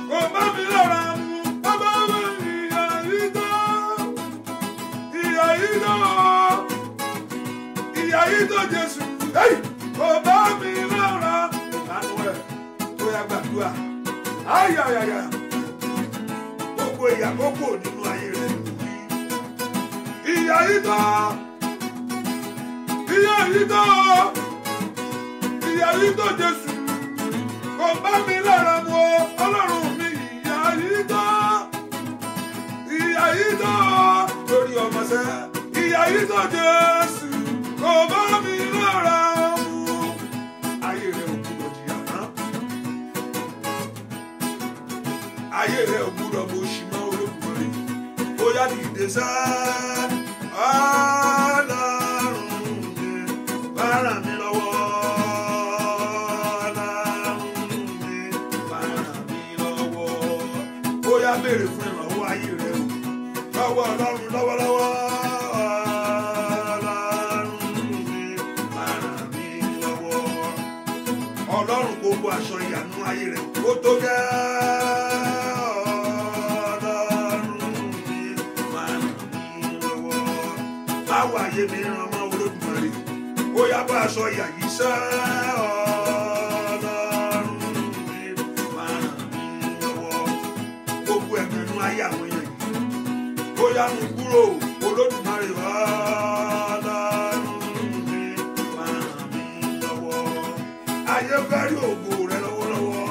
kò bá mi lọ́ra mu bàbá mi ìyá yìí tó ìyá yìí tó ìyá yìí tó Jésù kò bá mi lọ́ra lánàá rẹ̀ tó yà gbàdúrà ayayaya gbogbo ìyàkókò nínú ayé rẹ̀ ìyá yìí tó ìyá yìí tó Jésù kò bá mi lára mu o ọlọ́run mi ìyá yìí tó ìyá yìí tó lórí ọmọ sẹ́ ìyá yìí tó Jésù kò bá mi lára mu ayé rẹ̀ ò gbúdọ̀ jìyà mọ́ ayé rẹ̀ ò gbúdọ̀ bó ṣì mọ́ olókùnrin bóyá dìde sáà. Ah. bá aṣọ ìyà yìí ṣá ọlọ́run mi máa ràn mí lọ́wọ́ gbogbo ẹ̀mẹ̀nu ayé àwọn èèyàn yìí ó yá mi kúrò olódùmarè ọlọ́run mi máa ràn mí lọ́wọ́ ayé fẹ́ rí ògo rẹ lọ́wọ́lọ́wọ́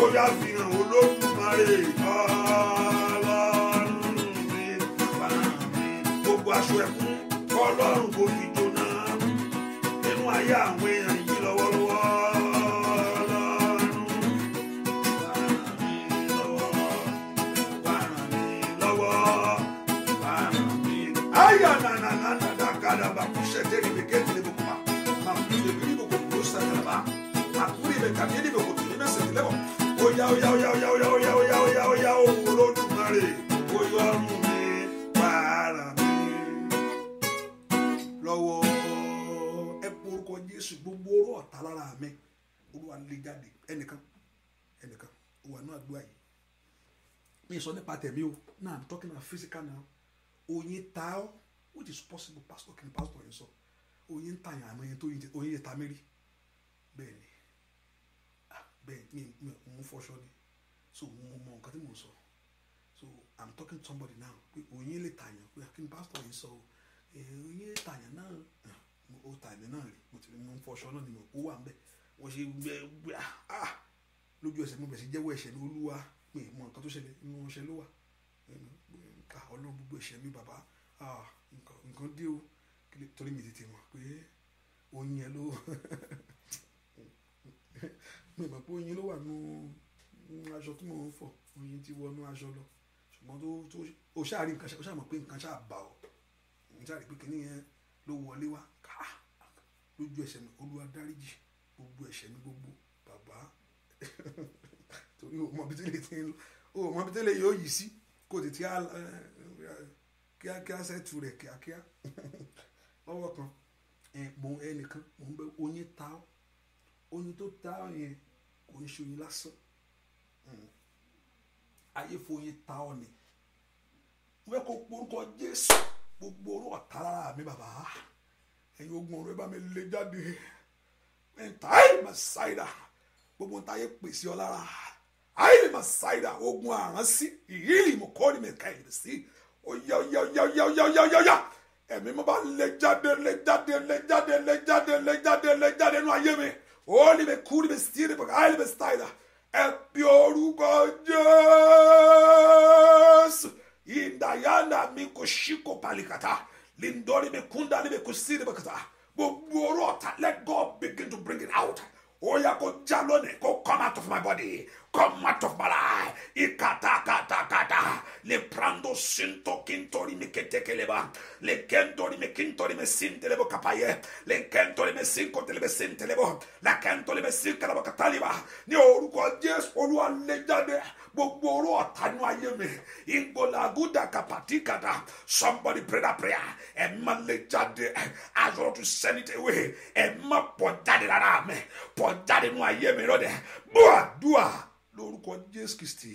ó yá fi hàn olódùmarè ọlọ́run mi máa ràn mí gbogbo aṣọ ẹ̀kún kọ́ ọlọ́run kò fi lórí àwọn èèyàn yìí lọ́wọ́lọ́wọ́ lọ́rùn. Wà ràn mí lọ́wọ́, wà ràn mí lọ́wọ́. Ayà nànà nànà dàkàdà bàkúṣẹ̀ tẹ́lẹ̀ mi kéde lè bọ̀ pa. Màkúrè oya oya oya. mi sọ nípa tẹ̀mí o now i'm talking about physical now oyin ta ọ which is possible pastor kí ni pastor yẹn sọ oyin ta yàn àmọ́ yẹn tó oyin yẹn ta mẹ́rí bẹ́ẹ̀ ni ah, bẹ́ẹ̀ mi mi mo fọṣọ ni so mo mọ nǹkan tí mo sọ so i'm talking to somebody now pé oyin lè ta yàn pé kí ni pastor yẹn sọ eh, oyin lè ta yàn náà ah, o ta mi náà rí mo ti mo fọṣọ náà ni mo kó wà ń bẹ̀ wọ́n ṣe gbẹ́ gbẹ́ ah, ah. lójú ẹsẹ̀ mo bẹ̀ sí jẹ́wọ́ ẹ̀ṣẹ̀ ní olúwa pé mọ nǹkan tó ṣẹlẹ̀ inú wọn ṣe ló wà ká ah, ọlọ́run gbogbo ẹ̀ṣẹ̀ mi bàbá ah, nǹkan dé o torí mi tètè mọ̀ pé oyin ẹ ló mi mọ̀ pé oyin ló wà nù aṣọ tí mò ń fọ̀ oyin ti wọnú aṣọ lọ ṣùgbọ́n tó tó o ṣáà nǹkan ṣáà o ṣáà mọ̀ pé nǹkan ṣáà bà ọ́ n ṣáà rí pé kínní yẹn ló wọlé wá ká lójú ẹ̀ṣẹ̀ mi olúwa dáríjì gbogbo ẹ̀ṣẹ̀ mi gbogbo bàbá. torí o mọ̀ bí tẹ́lẹ̀ ti ń lọ o mọ̀ bí tẹ́lẹ̀ yóò yí sí kò tètè kíákíá sẹ́tù rẹ̀ kíákíá lọ́wọ́ kan ẹ̀pọ̀n ẹnìkan mò ń bẹ oyin ta ọ́ oyin tó ta ọ́ yẹn kò ń ṣe oyin lásán hmm. ayé foyin ta ọ́ ni wọ́n kó orúkọ Jésù gbogbo orú ọ̀tá lára mi bàbá ẹ̀yin ogun ọ̀rọ̀ ẹ bá mi lé jáde ẹ̀ ń ta ẹ̀ mà ṣáìdà gbogbo ń ta ayé pèsè ọ lára àìrì mà ṣàìrà ogun àránsí ìrírì mò kọ́ ni mi ka ìrì sí ọ̀yà ọ̀yà ọ̀yà ọ̀yà ọ̀yà ọ̀yà ọ̀yà ọ̀yà ẹ̀mí mo bá lè jáde lè jáde lè jáde lè jáde lè jáde lè jáde nínú ayé mi ó ní mi kú ní mi sí ní mi àìrì mà ṣàìrà ẹ̀pì orúkọ Jésù ìdáyàna mi kò ṣí kò palikata lindori mi kúnda ní mi kò sí ní mi kàtà gbogbo orú ọ̀tá let God begin to bring it out ó yá kó já lónìí come out of my body come out of my life. Ikata kata kata. Le prando sinto kintori me ketekeleba. Le kentori me kintori me sintelebo kapaye. Le kentori me sinko telebe sintelebo. La kentori me sinkelebo kataliba. Ní orúkọ Jésù Olúwa lé jáde. Gbogbo ọ̀rọ̀ ọ̀tanú ayé mi. Ingola guda kapati kata. Somebody pray that prayer. Ẹ má lé jáde. As you to send it away. Ẹ má podade la rárá Podade Pọ̀ jáde rode. Boa dua lórúkọ jésù kristi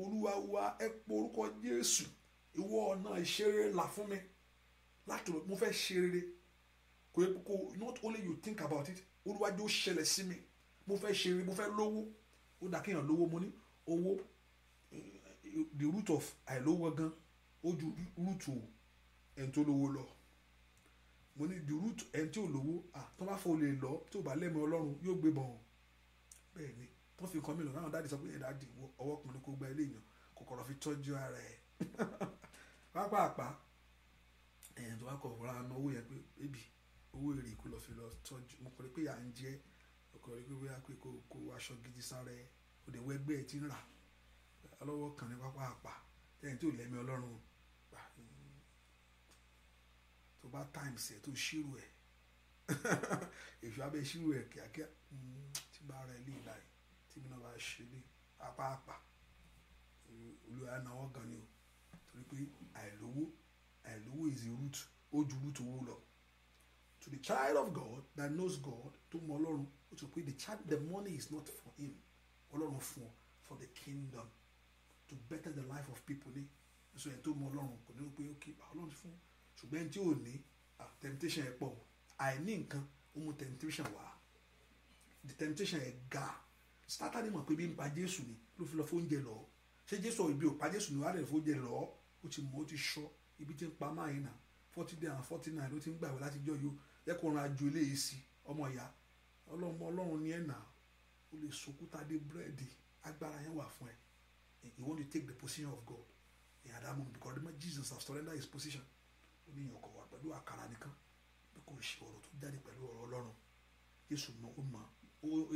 olúwa ẹ pọ orúkọ jésù ìwọ ọ̀nà ìṣeré là fún mi láti mo fẹ́ ṣe rere kò yẹ kó not only you think about it olúwa jẹ́ ó ṣẹlẹ̀ sí mi mo fẹ́ ṣe rere mo fẹ́ lówó ó dà kéèyàn lówó mo ní owó eh, the root of àìlówó gan ó ju root ẹni tó lówó lọ mo ní the root ẹni tí ò lówó ah tó bá fọ olè lọ tó bá lẹ́mìí ọlọ́run yóò gbé bọ̀n bẹ́ẹ̀ ni tó fi kan mí lọ náà dáàdi sọ pé ẹ̀dá di ọwọ́ ọkùnrin kó gba ilé èèyàn kòkòrò fi tọ́jú ara ẹ̀ pápápá èèyàn tó wá kọ̀ wọ́n àná owó yẹn pé ebi owó èrè kó lọ́ọ́ fi lọ tọ́jú mo kọ́ pé à ń jẹ́ ọkọ̀ rẹ̀ pé bóyá pé kó kó aṣọ gidi sára ẹ̀ ó dẹ̀ wẹ́gbẹ́ ẹ̀ ti ń rà ọlọ́wọ́ kan ní pápápá ẹni tó lẹ́mí ọlọ́run tó bá times ẹ̀ tó ṣírò ẹ̀ èso abẹ́ ṣírò ẹ̀ kíákíá mm, tí bá ara ẹ̀ lè báyìí tí náà bá ṣe bí pápápá olùwà náwó gan ni o torí pé àìlówó àìlówó is the root ó ju root owó lọ to the child of God that knows God tó mọ ọlọ́run ó sọ pé the child the money is not for him ọlọ́run fún ọ for the kingdom to better the life of people ní ẹ̀sọ́ yẹn tó mọ ọlọ́run kò ní rò pé ok ọlọ́run fún ṣùgbọ́n ẹni tí ò ní temptation ẹ̀ pọ̀ àìní nǹkan ó mú temptation wá the temptation ẹ̀ ga sátani mọ̀ pé bí ń pa jésù ni ló fi lọ fóúnjẹ lọ ṣé jésù ìbí ò pa jésù ni wàá rẹ̀ fóúnjẹ lọ ó ti mọ̀ ó ti sọ ibi tí ń pa máa náà forty day and forty nine ló ti ń gbàwé láti jọ yìí ó yẹ kó ran ajo eléyìí sí ọmọ ìyá ọlọ́mọ ọlọ́run ní ẹ̀nà ó lè sokúta dé búrẹ́dì agbára yẹn wà fún ẹ you want to take the position of God in that moment because remember Jesus has surrendered his position ó ní ìyànkọ̀ wà pẹ̀lú àkàrà nìkan bí kò ṣe ọ̀rọ̀ tó jáde pẹ̀lú ọ̀rọ̀ ọlọ́run jésù mọ̀ ó mọ̀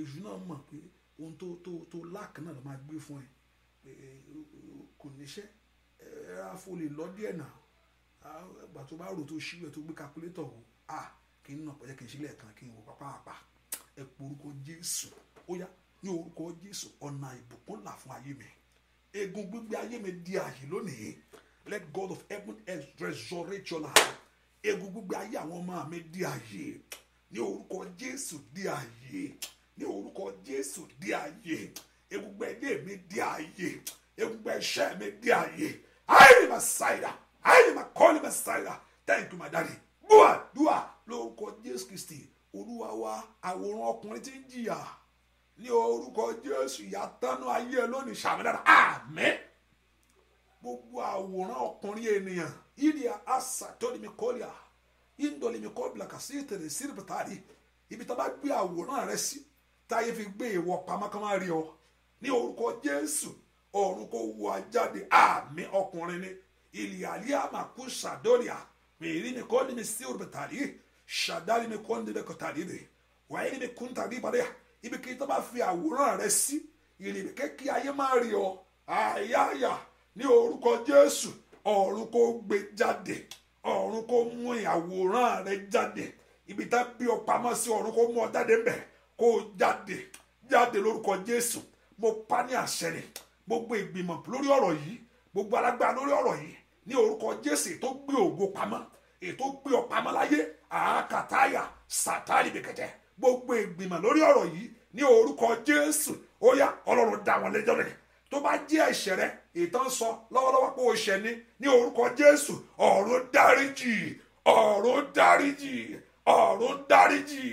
èṣù náà mọ̀ pé ohun tó tó tó lack náà ló máa gbé fún ẹ kò níṣẹ́ ẹ̀rá fo lè lọ díẹ̀ náà àgbà tó bá rò tó ṣí ẹ̀ tó gbé calculator wò á kí n nà pẹ́jẹ́ kí n ṣílẹ̀ kan kí n wò pápá àpá ẹ pé orúkọ Jésù ó yá ní orúkọ Jésù ọ̀nà ìbùkún là fún ayé mi egun gbígbé ayé mi di àyè lónìí let God of heaven resurrect your life egun gbígbé ayé àwọn ọmọ mi di àyè ní orúkọ Jésù di àyè ní orúkọ jésù di ààyè egungun ẹdẹ mi di ààyè egungun ẹṣẹ mi di ààyè àìrí ma ṣàìdá àìrí ma kọ́lé ma ṣàìdá thank you my daddy bua dua lórúkọ jésù kristi olúwa wa àwòrán ọkùnrin tí ń jìyà ní orúkọ jésù yàtọ̀nù ayé ẹ lónìí ṣàmìlára àmín gbogbo àwòrán ọkùnrin ènìyàn ìdíyà àṣà tó ní mi kọ́lé à ìndọ̀lẹ̀ mi kọ́ bìlà kà sí ìtẹ̀lẹ̀ sí ìrìbìtà rí ibi tó bá gbé àwòrán rẹ sí táyé fi gbé ìwọ pamọ́ kán má rí ọ ní orúkọ jésù ọ̀run kò wọ ajáde àmì ọkùnrin ni ìlíàlí àmàkú ṣàdóríà mèrí mi kọ́ ni mi sí òrùbẹ̀tàlì ṣàdáli mi kọ́ ni mi kọ̀tàlì rè wáyé ni mi kún tàbí ìbàdàn ibi kí tó bá fi àwòrán rẹ sí ìrìbì kékeré ayé má rí ọ àyàyà ní orúkọ jésù ọ̀run kò gbé jáde ọ̀run kò mú ìyàwòrán rẹ jáde ibi tá bí ọ pamọ́ sí ọ̀run kò mú ọ jáde ń kó o jáde jáde lórúkọ jésù mo pa ní àṣẹ rẹ gbogbo ìgbìmọ̀ lórí ọ̀rọ̀ yìí gbogbo alágbára lórí ọ̀rọ̀ yìí ní orúkọ jésù ètò gbé ògo pamọ́ ètò gbé ọ pamọ́ láyé àákàtáyà sátárì bẹ̀kẹ̀tẹ̀ gbogbo ìgbìmọ̀ lórí ọ̀rọ̀ yìí ní orúkọ jésù ó yá ọlọ́run dá wọn lẹ́jọ́ rẹ̀ tó bá jẹ́ ẹ̀ṣẹ̀ rẹ ìtàn sọ lọ́wọ́lọ́wọ́ pé o ṣẹ̀ ni ní orúkọ jésù ọ̀run dáríjì ọ̀run dáríjì ọ̀run dáríjì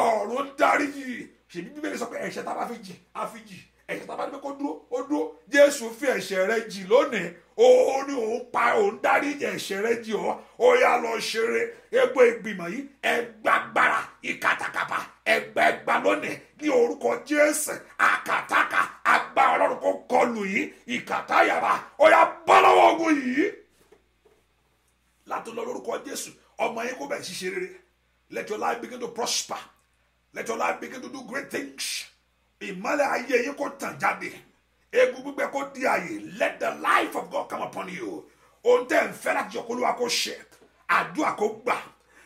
ọ̀run dáríjì ṣèbí bíbélì sọ pé ẹ̀ṣẹ̀ tá a bá fi jì á fi jì ẹ̀ṣẹ̀ tá a bá ní pé kó dúró ó dúró jésù fi ẹ̀ṣẹ̀ rẹ jì lónìí ó ní òun pa òun dáríjì ẹ̀ṣẹ̀ rẹ jì ọ́ ó yá lọ ṣeré egbò ìgbìmọ̀ yìí ẹgbàgbára ìkàtàkàbà ẹgbẹgbà lónìí ní orúkọ jésù àkàtàkà àgbà ọlọ́run kó kọlù yìí ìkàtàyàbà ó yá bọ́ lọ́wọ́ ogun yìí látọ̀ lọ lórúkọ jésù ọmọ yẹn kó bẹ̀ ṣiṣẹ́ rere let your life begin to prosper let your life begin to do great things ìmọ̀lẹ̀ aye yín kó tàn jáde egun gbígbẹ kó di aye. let the life of God come upon you ohun tẹ́ ń fẹ́ láti jọkọ́ olúwa kó ṣe àdúrà kó gbà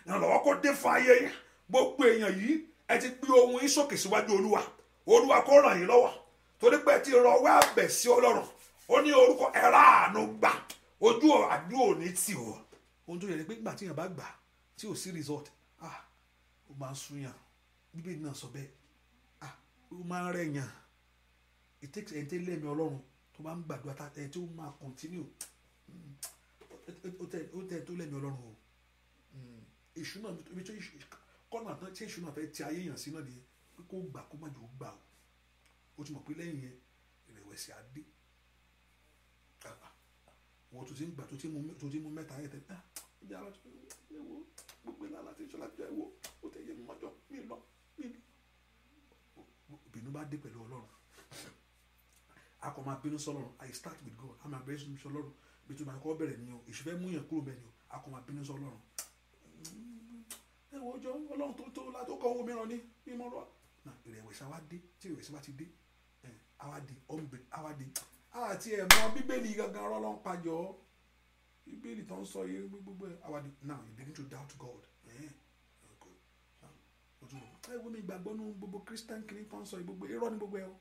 ìrànlọ́wọ́ kó dé fún ayé yín gbogbo èèyàn yìí ẹ ti gbé ohun yín sókè síwájú olúwa olúwa kó ràn yín lọ́wọ́ torí pé ẹ ti rọ ọwọ́ àbẹ̀ sí ọlọ́run ó ní orúkọ ẹ̀rá àánú gbà ojú àdúrà ní tì ó ohun tó yẹ ni pé nígbà tí èèyàn bá gbà tí ò sí result ah ó máa ń súnyàn bíbélì náà sọ bẹ́ẹ̀ à ah, ó máa ń rẹ̀yàn it takes ẹni tí lẹ́mìí ọlọ́run tó máa ń gbàdúrà tá ẹni tí máa continue mm, ó tẹ̀ tó lẹ́mìí ọlọ́run o ìṣúná mm, ibi tó kọ́nà tán tí ìṣúná fẹ́ ti ayé yàn sí náà nìyẹn pé kó gbà kó má jò ó gbà o ó ti mọ̀ pé lẹ́yìn yẹn ìrẹ̀wẹ̀sì á dé wọ́n tó ti ń gbà tó ti mú mẹ́ta ayé tẹ̀ ah ìjà ara tó ń wo gbogbo ìlànà àti ìṣọ́lá jẹ́ wo ó tẹ̀ yé mọ́jọ́ mi lọ ìbínú bá dé pẹ̀lú ọlọ́run a kò máa bínú sọlọ́run i start with god a máa bẹ̀rẹ̀ sínú sọlọ́run bí tí mo bẹ̀rẹ̀ ni o èṣù mú yàn kúrò bẹ́ẹ̀ o a kò máa bínú sọlọ́run ẹ wo jọ ọlọ́run tó tó la tó kọ́ owó mìíràn ní mímọ́ lọ́wọ́ na ìrẹ̀wẹ̀sì àwa dé tí ìrẹ̀wẹ̀sì bá ti dé àwa di ọ̀nbẹ àwa di àti ẹ̀ mọ bíbélì gangan rọ́lọ́ pàjọ́ bíbélì tó ń sọ yé gbogbo ẹ̀ àwa di now you begin to doubt god ẹ̀wọ́n mi gbàgbọ́ nínú gbogbo christian kìíní kan sọ gbogbo irọ́ ní gbogbo ẹ̀ o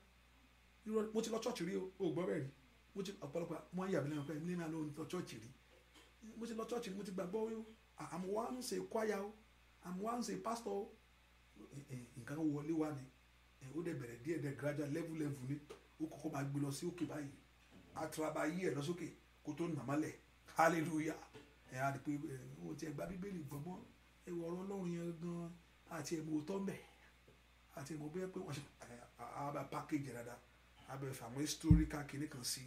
irọ́ mo ti lọ church rí o ò gbọ́ bẹ́ẹ̀ rí mo ti ọ̀pọ̀lọpọ̀ mo ń yàgbé lẹ́yìn pé mi máa lọ lọ church rí mo ti lọ church rí mo ti gbàgbọ́ o I'm once a choir o I'm once a pastor o nǹkan wọlé wa ni ó dẹ̀ bẹ̀rẹ̀ díẹ̀ dẹ̀ gradual level level ni ó kọ́kọ́ máa gbé lọ sí òkè báyìí àtúrabà yí ẹ̀ lọ sókè kó tó nàmálẹ̀ hallelujah ẹ̀ á rí i pé ó ti ẹ̀ gba bíbélì gbọ́mọ́ ẹ̀ wọ ọ̀rọ̀ ọlọ́run yẹn gan-an àti ẹ̀mú òótọ́ mẹ́ àti ẹ̀mú bẹ́ẹ̀ pé wọ́n ṣe abẹ́ package dada abẹ́ àwọn historical kìnìún kan sí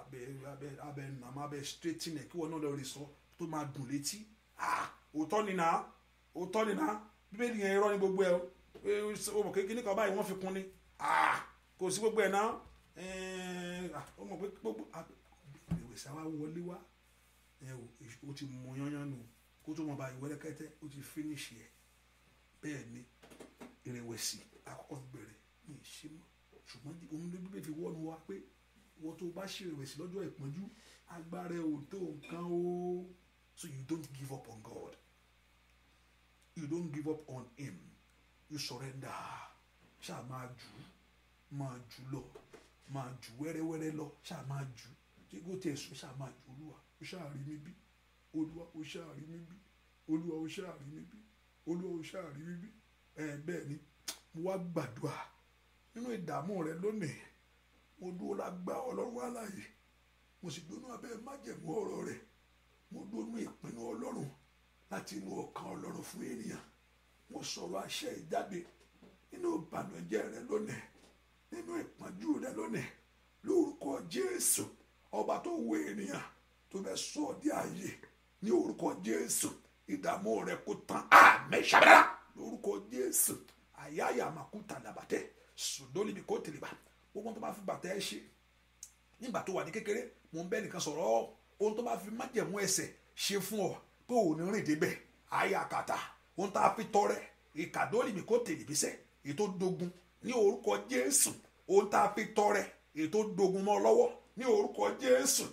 abẹ́ abẹ́ abẹ́ nàmọ́ abẹ́ straighten ẹ̀ kí wọ́n náà lọ rí sọ tó máa dùn létí òótọ́ ni òótọ́ ni bíbélì yẹn irọ́ ni gbogbo ẹ̀ o mọ̀ pé kan báyìí wọ́n fi kún ni kò sí gbogbo ẹ̀ náà o mọ̀ pé gbogbo ìwèsà wa wọlé wa o ti mú yányán nù kó tó mọ̀ bá ìwẹ́lẹ́kẹ́tẹ́ o ti finish yẹn bẹ́ẹ̀ ni ìrẹ̀wẹ̀sì àkọ́kọ́ bẹ̀rẹ̀ ní ìṣe ṣùgbọ́n òun ló bíbẹ̀ fi wọ́nu wa pé wọ́n tó bá ṣe lọ́jọ́ ìpọ́njú agbára ò tó nǹkan o so you don't give up on God you don't give up on him you surrender ṣáà máa jù ú máa jù lọ máa jù wẹ́rẹ́wẹ́rẹ́ lọ ṣáà máa jù tí kò tẹ̀ sọ ṣáà máa jù olúwa ó ṣáà rí mi bí olúwa ó ṣáà rí mi bí olúwa ó ṣáà rí mi bí olóhùn ṣáàrí wíwí ẹ bẹ́ẹ̀ ni mo wá gbàdúrà nínú ìdààmú rẹ lónìí mo dúró lágbá ọlọ́run aláyè mo sì dúró abẹ́ májẹ̀mú ọ̀rọ̀ rẹ mo dúró ìpinnu ọlọ́run láti inú ọkàn ọlọ́run fún ènìyàn mo sọ̀rọ̀ àṣẹ ìjáde nínú ìbànújẹ́ rẹ lónìí nínú ìpọ́njú rẹ lónìí lórúkọ jésù ọba tó wo ènìyàn tó fẹ́ sọ ọ́ di ààyè ní orúkọ jésù ìdààmú rẹ kó tán àmì ìṣàbẹ̀rẹ̀ lórúkọ jésù àyáyà màkúta làbàtẹ sùdólì mi kò tìlìbà gbogbo tó bá fi bàtẹ ẹ ṣe nígbà tó wà ní kékeré mò ń bẹ́ nìkan sọ̀rọ̀ ohun tó bá fi májẹ̀mú ẹsẹ̀ ṣe fún ọ pé òun rìn débẹ̀ àyà kàtà ohun tá a fi tọrẹ ìkàdólì mi kò tìlìbísẹ̀ ètò dogun ní orúkọ jésù ohun tá a fi tọrẹ ètò dogun mọ́ lọ́wọ́ ní orúkọ jésù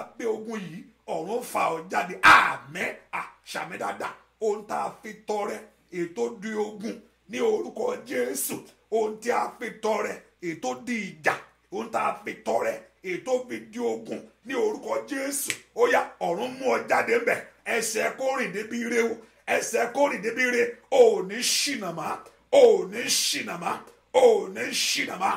bá bẹ ogun yìí ọ̀run fa ọ jáde àmẹ́ àṣàmì dáadáa ohun tá a fi tọrẹ ètò di ogun ní orúkọ Jésù ohun tí a fi tọrẹ ètò di ìjà ohun tá a fi tọrẹ ètò fi di ogun ní orúkọ Jésù ó yá ọ̀run mú ọ jáde ńbẹ ẹsẹ̀ kó rìn débi re. o ẹsẹ̀ kó rìn débi ire O ní ṣìnàmá ò ní ṣìnàmá ò ní ṣìnàmá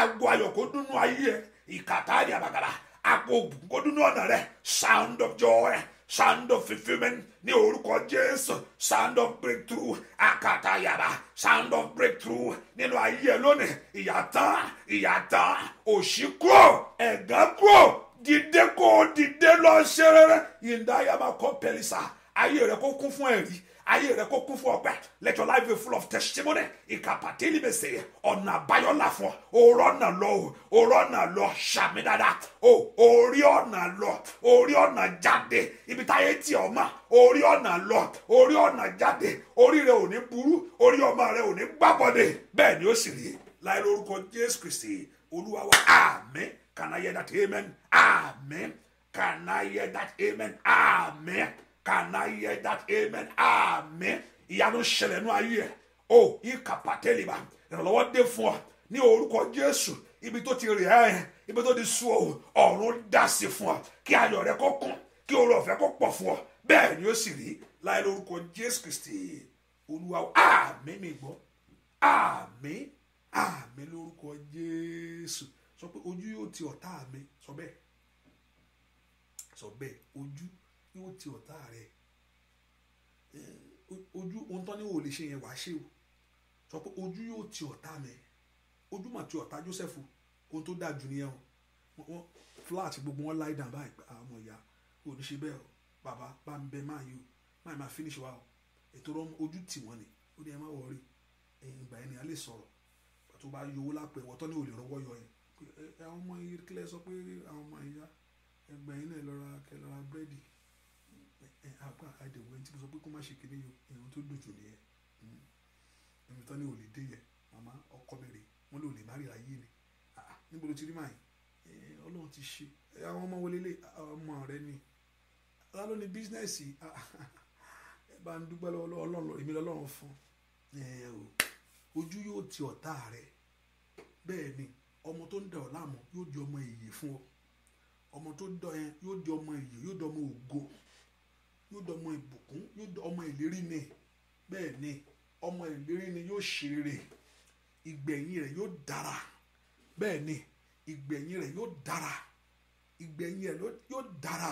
agbo ayọ̀ dúnú ayé ẹ ìkàtà àdìyàbàgàrà àpòkòdú ní ọ̀nà rẹ sound of joy sound of fulfillment. ní orúkọ jésù sound of breakthrough Akata yaba. sound of breakthrough nínú ayé lónìí ìyàtọ̀ ìyàtọ̀ òṣìkúrò ẹ̀gánkúrò dìde kó dìde lọ ṣe rere ìdáyàmà kọ́ pẹ̀lísà ayé rẹ kó kún fún ẹ̀rí ayé rẹ kó kún fún ọpẹ́ let your life be full of testimony ìkàpàtẹ́lì bẹ̀ sè ọ̀nà àbáyọ là fún òrọ̀ ọ̀nà lọ òrọ̀ ọ̀nà lọ sàmì dáadáa orí ọ̀nà lọ orí ọ̀nà jáde ibi táyé tì ọ́ mà orí ọ̀nà lọ orí ọ̀nà jáde orí rẹ ò ní burú orí ọmọ rẹ ò ní gbàbọ̀dé bẹ́ẹ̀ ni ó sì rí láì lórúkọ Jésù Kristi Olúwa wa àmín can I hear that amen àmín can I hear that amen àmín. Can I hear that? Amen. Amen. Ìyanu ṣẹlẹ̀ nú ayé ẹ̀. O ìkàpàtẹ́lìmà. Ìrànlọ́wọ́ dé fún ọ ní orúkọ Jésù. Ibi tó ti rè ẹ́ ibi tó ti sú ọ ọ̀run dá sí fún ọ. Kí ayọ̀ rẹ kó kún kí oore ọ̀fẹ́ kó pọ̀ fún ọ. Bẹ́ẹ̀ ni ó sì rí láì lórúkọ Jésù Kristi. Olúwa àmín mi gbọ́. Àmín àmín lórúkọ Jésù. Sọ pé ojú yóò ti ọ̀tá mi sọ bẹ́ẹ̀ sọ bẹ́ẹ̀ ojú yóò ti ọ̀tá rẹ ojú ohun tán ni o lè ṣe yẹn wàá ṣe o sọ pé ojú yóò ti ọ̀tá mi ojú mà ti ọ̀tá Joseph ohun tó dáa jù nìyẹn o wọn flat gbogbo wọn láì dàn báyìí àwọn ah, ìyá ò ní ṣe bẹ́ẹ̀ o bàbá bá ń bẹ máa yí o máa máa finish wa o ètò ọ̀rọ̀ ojú tì wọ́n ni ó ní ẹ má wọrí ẹ̀yìn ìgbà yẹn ni a lè sọ̀rọ̀ tó bá yọwọ́ lápẹ̀ wọ́tọ́ ní olè rọwọ́ yọ ẹ̀ àwọn ọmọ yìí kílẹ̀ sọ pé àwọn ọmọ ìyá ẹgbẹ̀yìn náà lọ́ra kẹ lọ́ra ẹ àpá àdéhùn ẹni tí mo sọ pé kó má ṣe kíní yìí ìran tó lójú nìyẹn hmm. ẹni tán ni ò lè dé yẹ màmá ọkọ mi rè wọn lè ò lè má rí ayé ni níbo ló ti rí màá yìí ọlọ́run ti ṣe àwọn ọmọ wọlé lè ọmọ rẹ ni ọlá ló ní bísínẹ́sì ẹ bá ń dúpẹ́ lọ́wọ́ ọlọ́run èmi lọ́lọ́run fún ojú yóò ti ọ̀tá rẹ bẹ́ẹ̀ ni ọmọ tó ń dà ọ́ láàmú yóò di ọmọ èyí fún ọ ọmọ tó dọ̀ yẹn yóò di ọmọ èyí yóò di ọmọ ògo yóò dọmọ ìbùkún yóò dọ ọmọ ìlérí ni bẹ́ẹ̀ ni ọmọ ìlérí ni yóò ṣe rere ìgbẹ̀yìn rẹ̀ yóò dára bẹ́ẹ̀ ni ìgbẹ̀yìn rẹ̀ yóò dára ìgbẹ̀yìn rẹ̀ yóò dára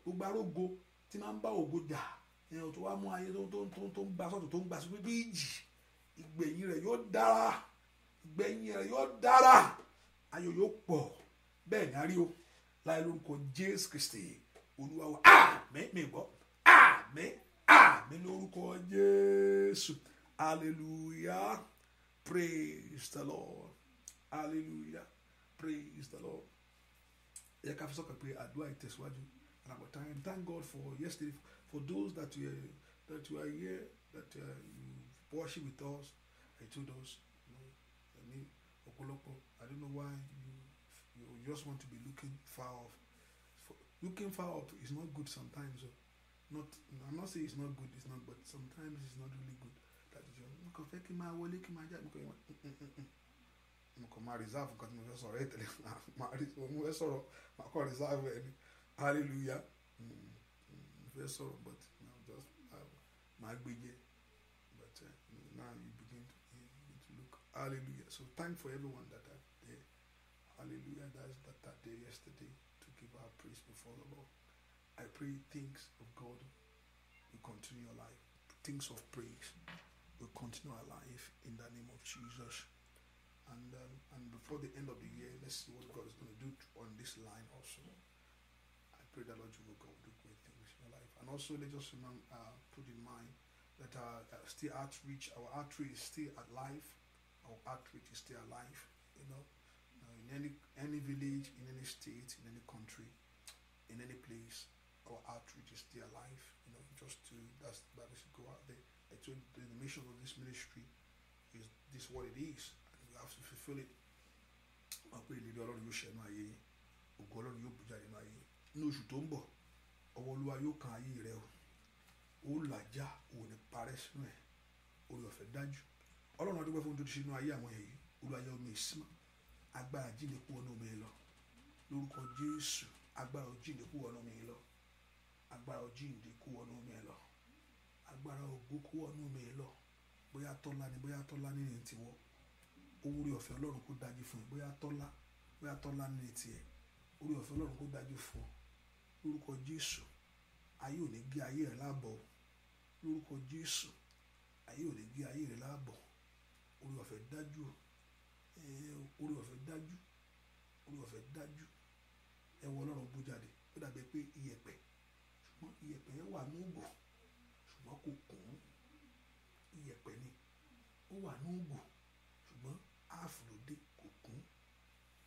gbogbo arógo tí máa ń bá ògo jà ẹ̀yàn tó wá mú ayé tó ń gba sọ́tò tó ń gba sí pé bíjì ìgbẹ̀yìn rẹ̀ yóò dára ìgbẹ̀yìn rẹ̀ yóò dára ayọ̀ yóò pọ̀ bẹ́ẹ̀ ni a rí o láì lórúkọ Jésù Kristi olúwa wa ah mẹ́ẹ̀mẹ́ gbọ́ àmín àmín lórúkọ jésù hallelujah praise the lord hallelujah praise the lord ẹ ká fi sọ́kàn pé àdúrà ìtẹ̀síwájú and our time thank god for yesterday for those that were that were here that uh, you worship with us i told us i mean ọ̀pọ̀lọpọ̀ i don't know why you you just want to be looking far off looking far off is not good sometimes. Oh not i'm not saying it's not good it's not but sometimes it's not really good that is your mo kàn fẹ́ kí n máa wọlé kí n máa jáde mo kàn yẹn mm, mm, mm, mo kàn máa reserve nǹkan tí mo fẹ́ sọ̀rọ̀ ẹ̀ tẹ̀lé mo fẹ́ sọ̀rọ̀ máa kàn reserve ẹ̀ ní hallelujah mo fẹ́ sọ̀rọ̀ but now just máa um, gbé jẹ́ but uh, now you begin to, you begin to look hallelujah so thank for everyone that are there hallelujah that's that, that day yesterday to give our praise before the Lord. I pray things of God will continue your life. Things of praise will continue our life in the name of Jesus. And um, and before the end of the year, let's see what God is going to do on this line also. I pray that Lord, you will do great things in your life. And also, let us remember, uh, put in mind that our uh, still outreach, our outreach is still alive. Our outreach is still alive. You know, in any any village, in any state, in any country, in any place, our outreach is still alive. You know, just to that's that is go out there. I told the, the mission of this ministry is this what it is, and we have to fulfill it. Wọ́n pè lébi ọlọ́run yóò ṣẹ̀nu ayé yín, ògùn ọlọ́run yóò bùjá nínú ayé yín. Ní oṣù tó ń bọ̀, ọwọ́ olúwa yóò kan ayé rẹ o. Ó làjà òun ní parẹ́ sínú ẹ̀. Orí ọ̀fẹ́ dájú. Ọlọ́run adúgbò fún tuntun sínú ayé àwọn èyí. Olúwa yẹ omi ìsímọ̀. Agbára jíǹde kú ọ̀nà omi lọ. Lórúkọ Jésù, agbára jíǹde kú ọ̀nà omi lọ agbára òjíǹde kó wọnú mi lọ agbára ògo kó wọnú mi lọ bóyá tọ́lá ni bóyá tọ́lá ní ní tiwọ́ orí ọ̀fẹ́ ọlọ́run kó dájú fún ẹ bóyá tọ́lá bóyá tọ́lá ní ní tiẹ̀ orí ọ̀fẹ́ ọlọ́run kó dájú fún ọ lórúkọ jésù ayé ò ní gé ayé rẹ láàbọ̀ lórúkọ jésù ayé ò ní gé ayé rẹ láàbọ̀ orí ọ̀fẹ́ dájú orí ọ̀fẹ́ dájú orí ọ̀fẹ́ dájú ẹ wọ ọlọ́run bú jáde ó dàbí pé iyẹ̀pẹ̀ iyẹ̀pẹ̀ yẹn wà ní ìgbò ṣùgbọ́n kò kùn ún iyẹ̀pẹ̀ ni ó wà ní ìgbò ṣùgbọ́n áàfù ló dé kò kùn ún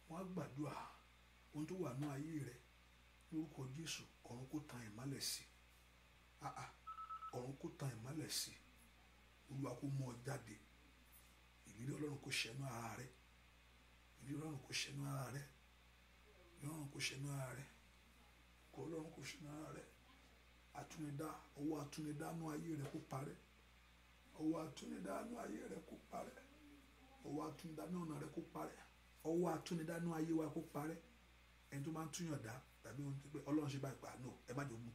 wọ́n á gbàdúrà ohun tó wà ní ayé rẹ̀ lórúkọ Jésù ọ̀run kó tan ìmọ́lẹ̀ sí àà ọ̀run kó tan ìmọ́lẹ̀ sí Olúwa kó mú ọ jáde ìrírí Ọlọ́run kó ṣẹnu ara rẹ ìrírí Ọlọ́run kó ṣẹnu ara rẹ ìrírí Ọlọ́run kó ṣẹnu ara rẹ kó Ọlọ́run kó ṣẹnu ara rẹ. àtúnidá ọwọ́ àtúnidá nú ayé rẹ kó parẹ ọwọ́ àtúnidá nú ayé rẹ kó ọ̀nà rẹ kó ayé wa kó tó máa ń dá tàbí ohun tó ọlọ́run ṣe báyìí pa no ẹ má kìíní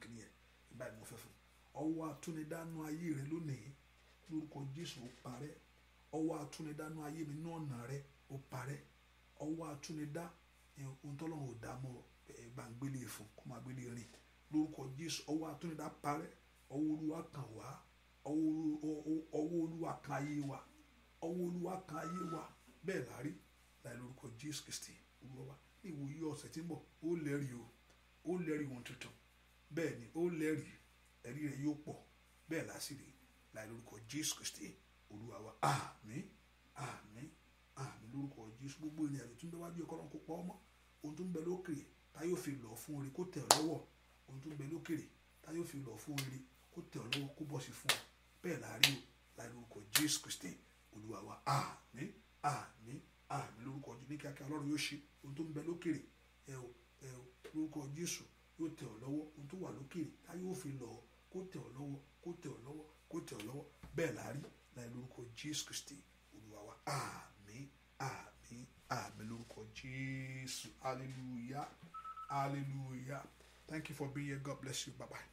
fẹ́ fún ọwọ́ àtúnidá nú ayé rẹ lónìí lórúkọ Jésù ó ọwọ́ àtúnidá nú ayé mi ọ̀nà rẹ ó lórúkọ jésù ọwọ́ àtúndá parẹ́ ọwọ́ olúwa kàn wá ọwọ́ olúwa kan ayé wa ọwọ́ olúwa kan ayé wa bẹ́ẹ̀ la rí láì lórúkọ jésù kristi olúwa wa ní ìwòye ọ̀sẹ̀ tí ń bọ̀ ó lẹ́rìí o ó lẹ́rìí ohun tuntun bẹ́ẹ̀ ni ó lẹ́rìí ẹ̀rí rẹ̀ yóò pọ̀ bẹ́ẹ̀ la sì rí láì lórúkọ jésù kristi olúwa wa àmín àmín àmín lórúkọ jésù gbogbo ènìyàn tó ń bẹ wájú ọkọ náà kó pa ọmọ ohun tó ń bẹ lókè táyọ̀ fi lọ fún orí kó tẹ̀ lọ́wọ́ ohun tó ń bẹ lókèrè tá yóò fi lọ fún oore kó tẹ̀ ọ́ lọ́wọ́ kó bọ̀ sí fún ọ bẹ́ẹ̀ láàrin o láàrin orúkọ Jésù Kristi olúwa wa àmín àmín àmín lórúkọ jù ní kíákíá ọlọ́run yóò ṣe ohun tó bẹ lókèrè ẹ o ẹ o lórúkọ Jésù yóò tẹ̀ ọ́ lọ́wọ́ ohun tó wà lókèrè tá fi lọ kó tẹ̀ ọ́ lọ́wọ́ kó tẹ̀ ọ́ lọ́wọ́ kó tẹ̀ ọ́ lọ́wọ́ bẹ́ẹ̀ láàrin láàrin orúkọ Jésù Kristi olúwa wa àmín àmín àmín lórúkọ Jésù hallelujah hallelujah. Thank you for being here. God bless you. Bye bye.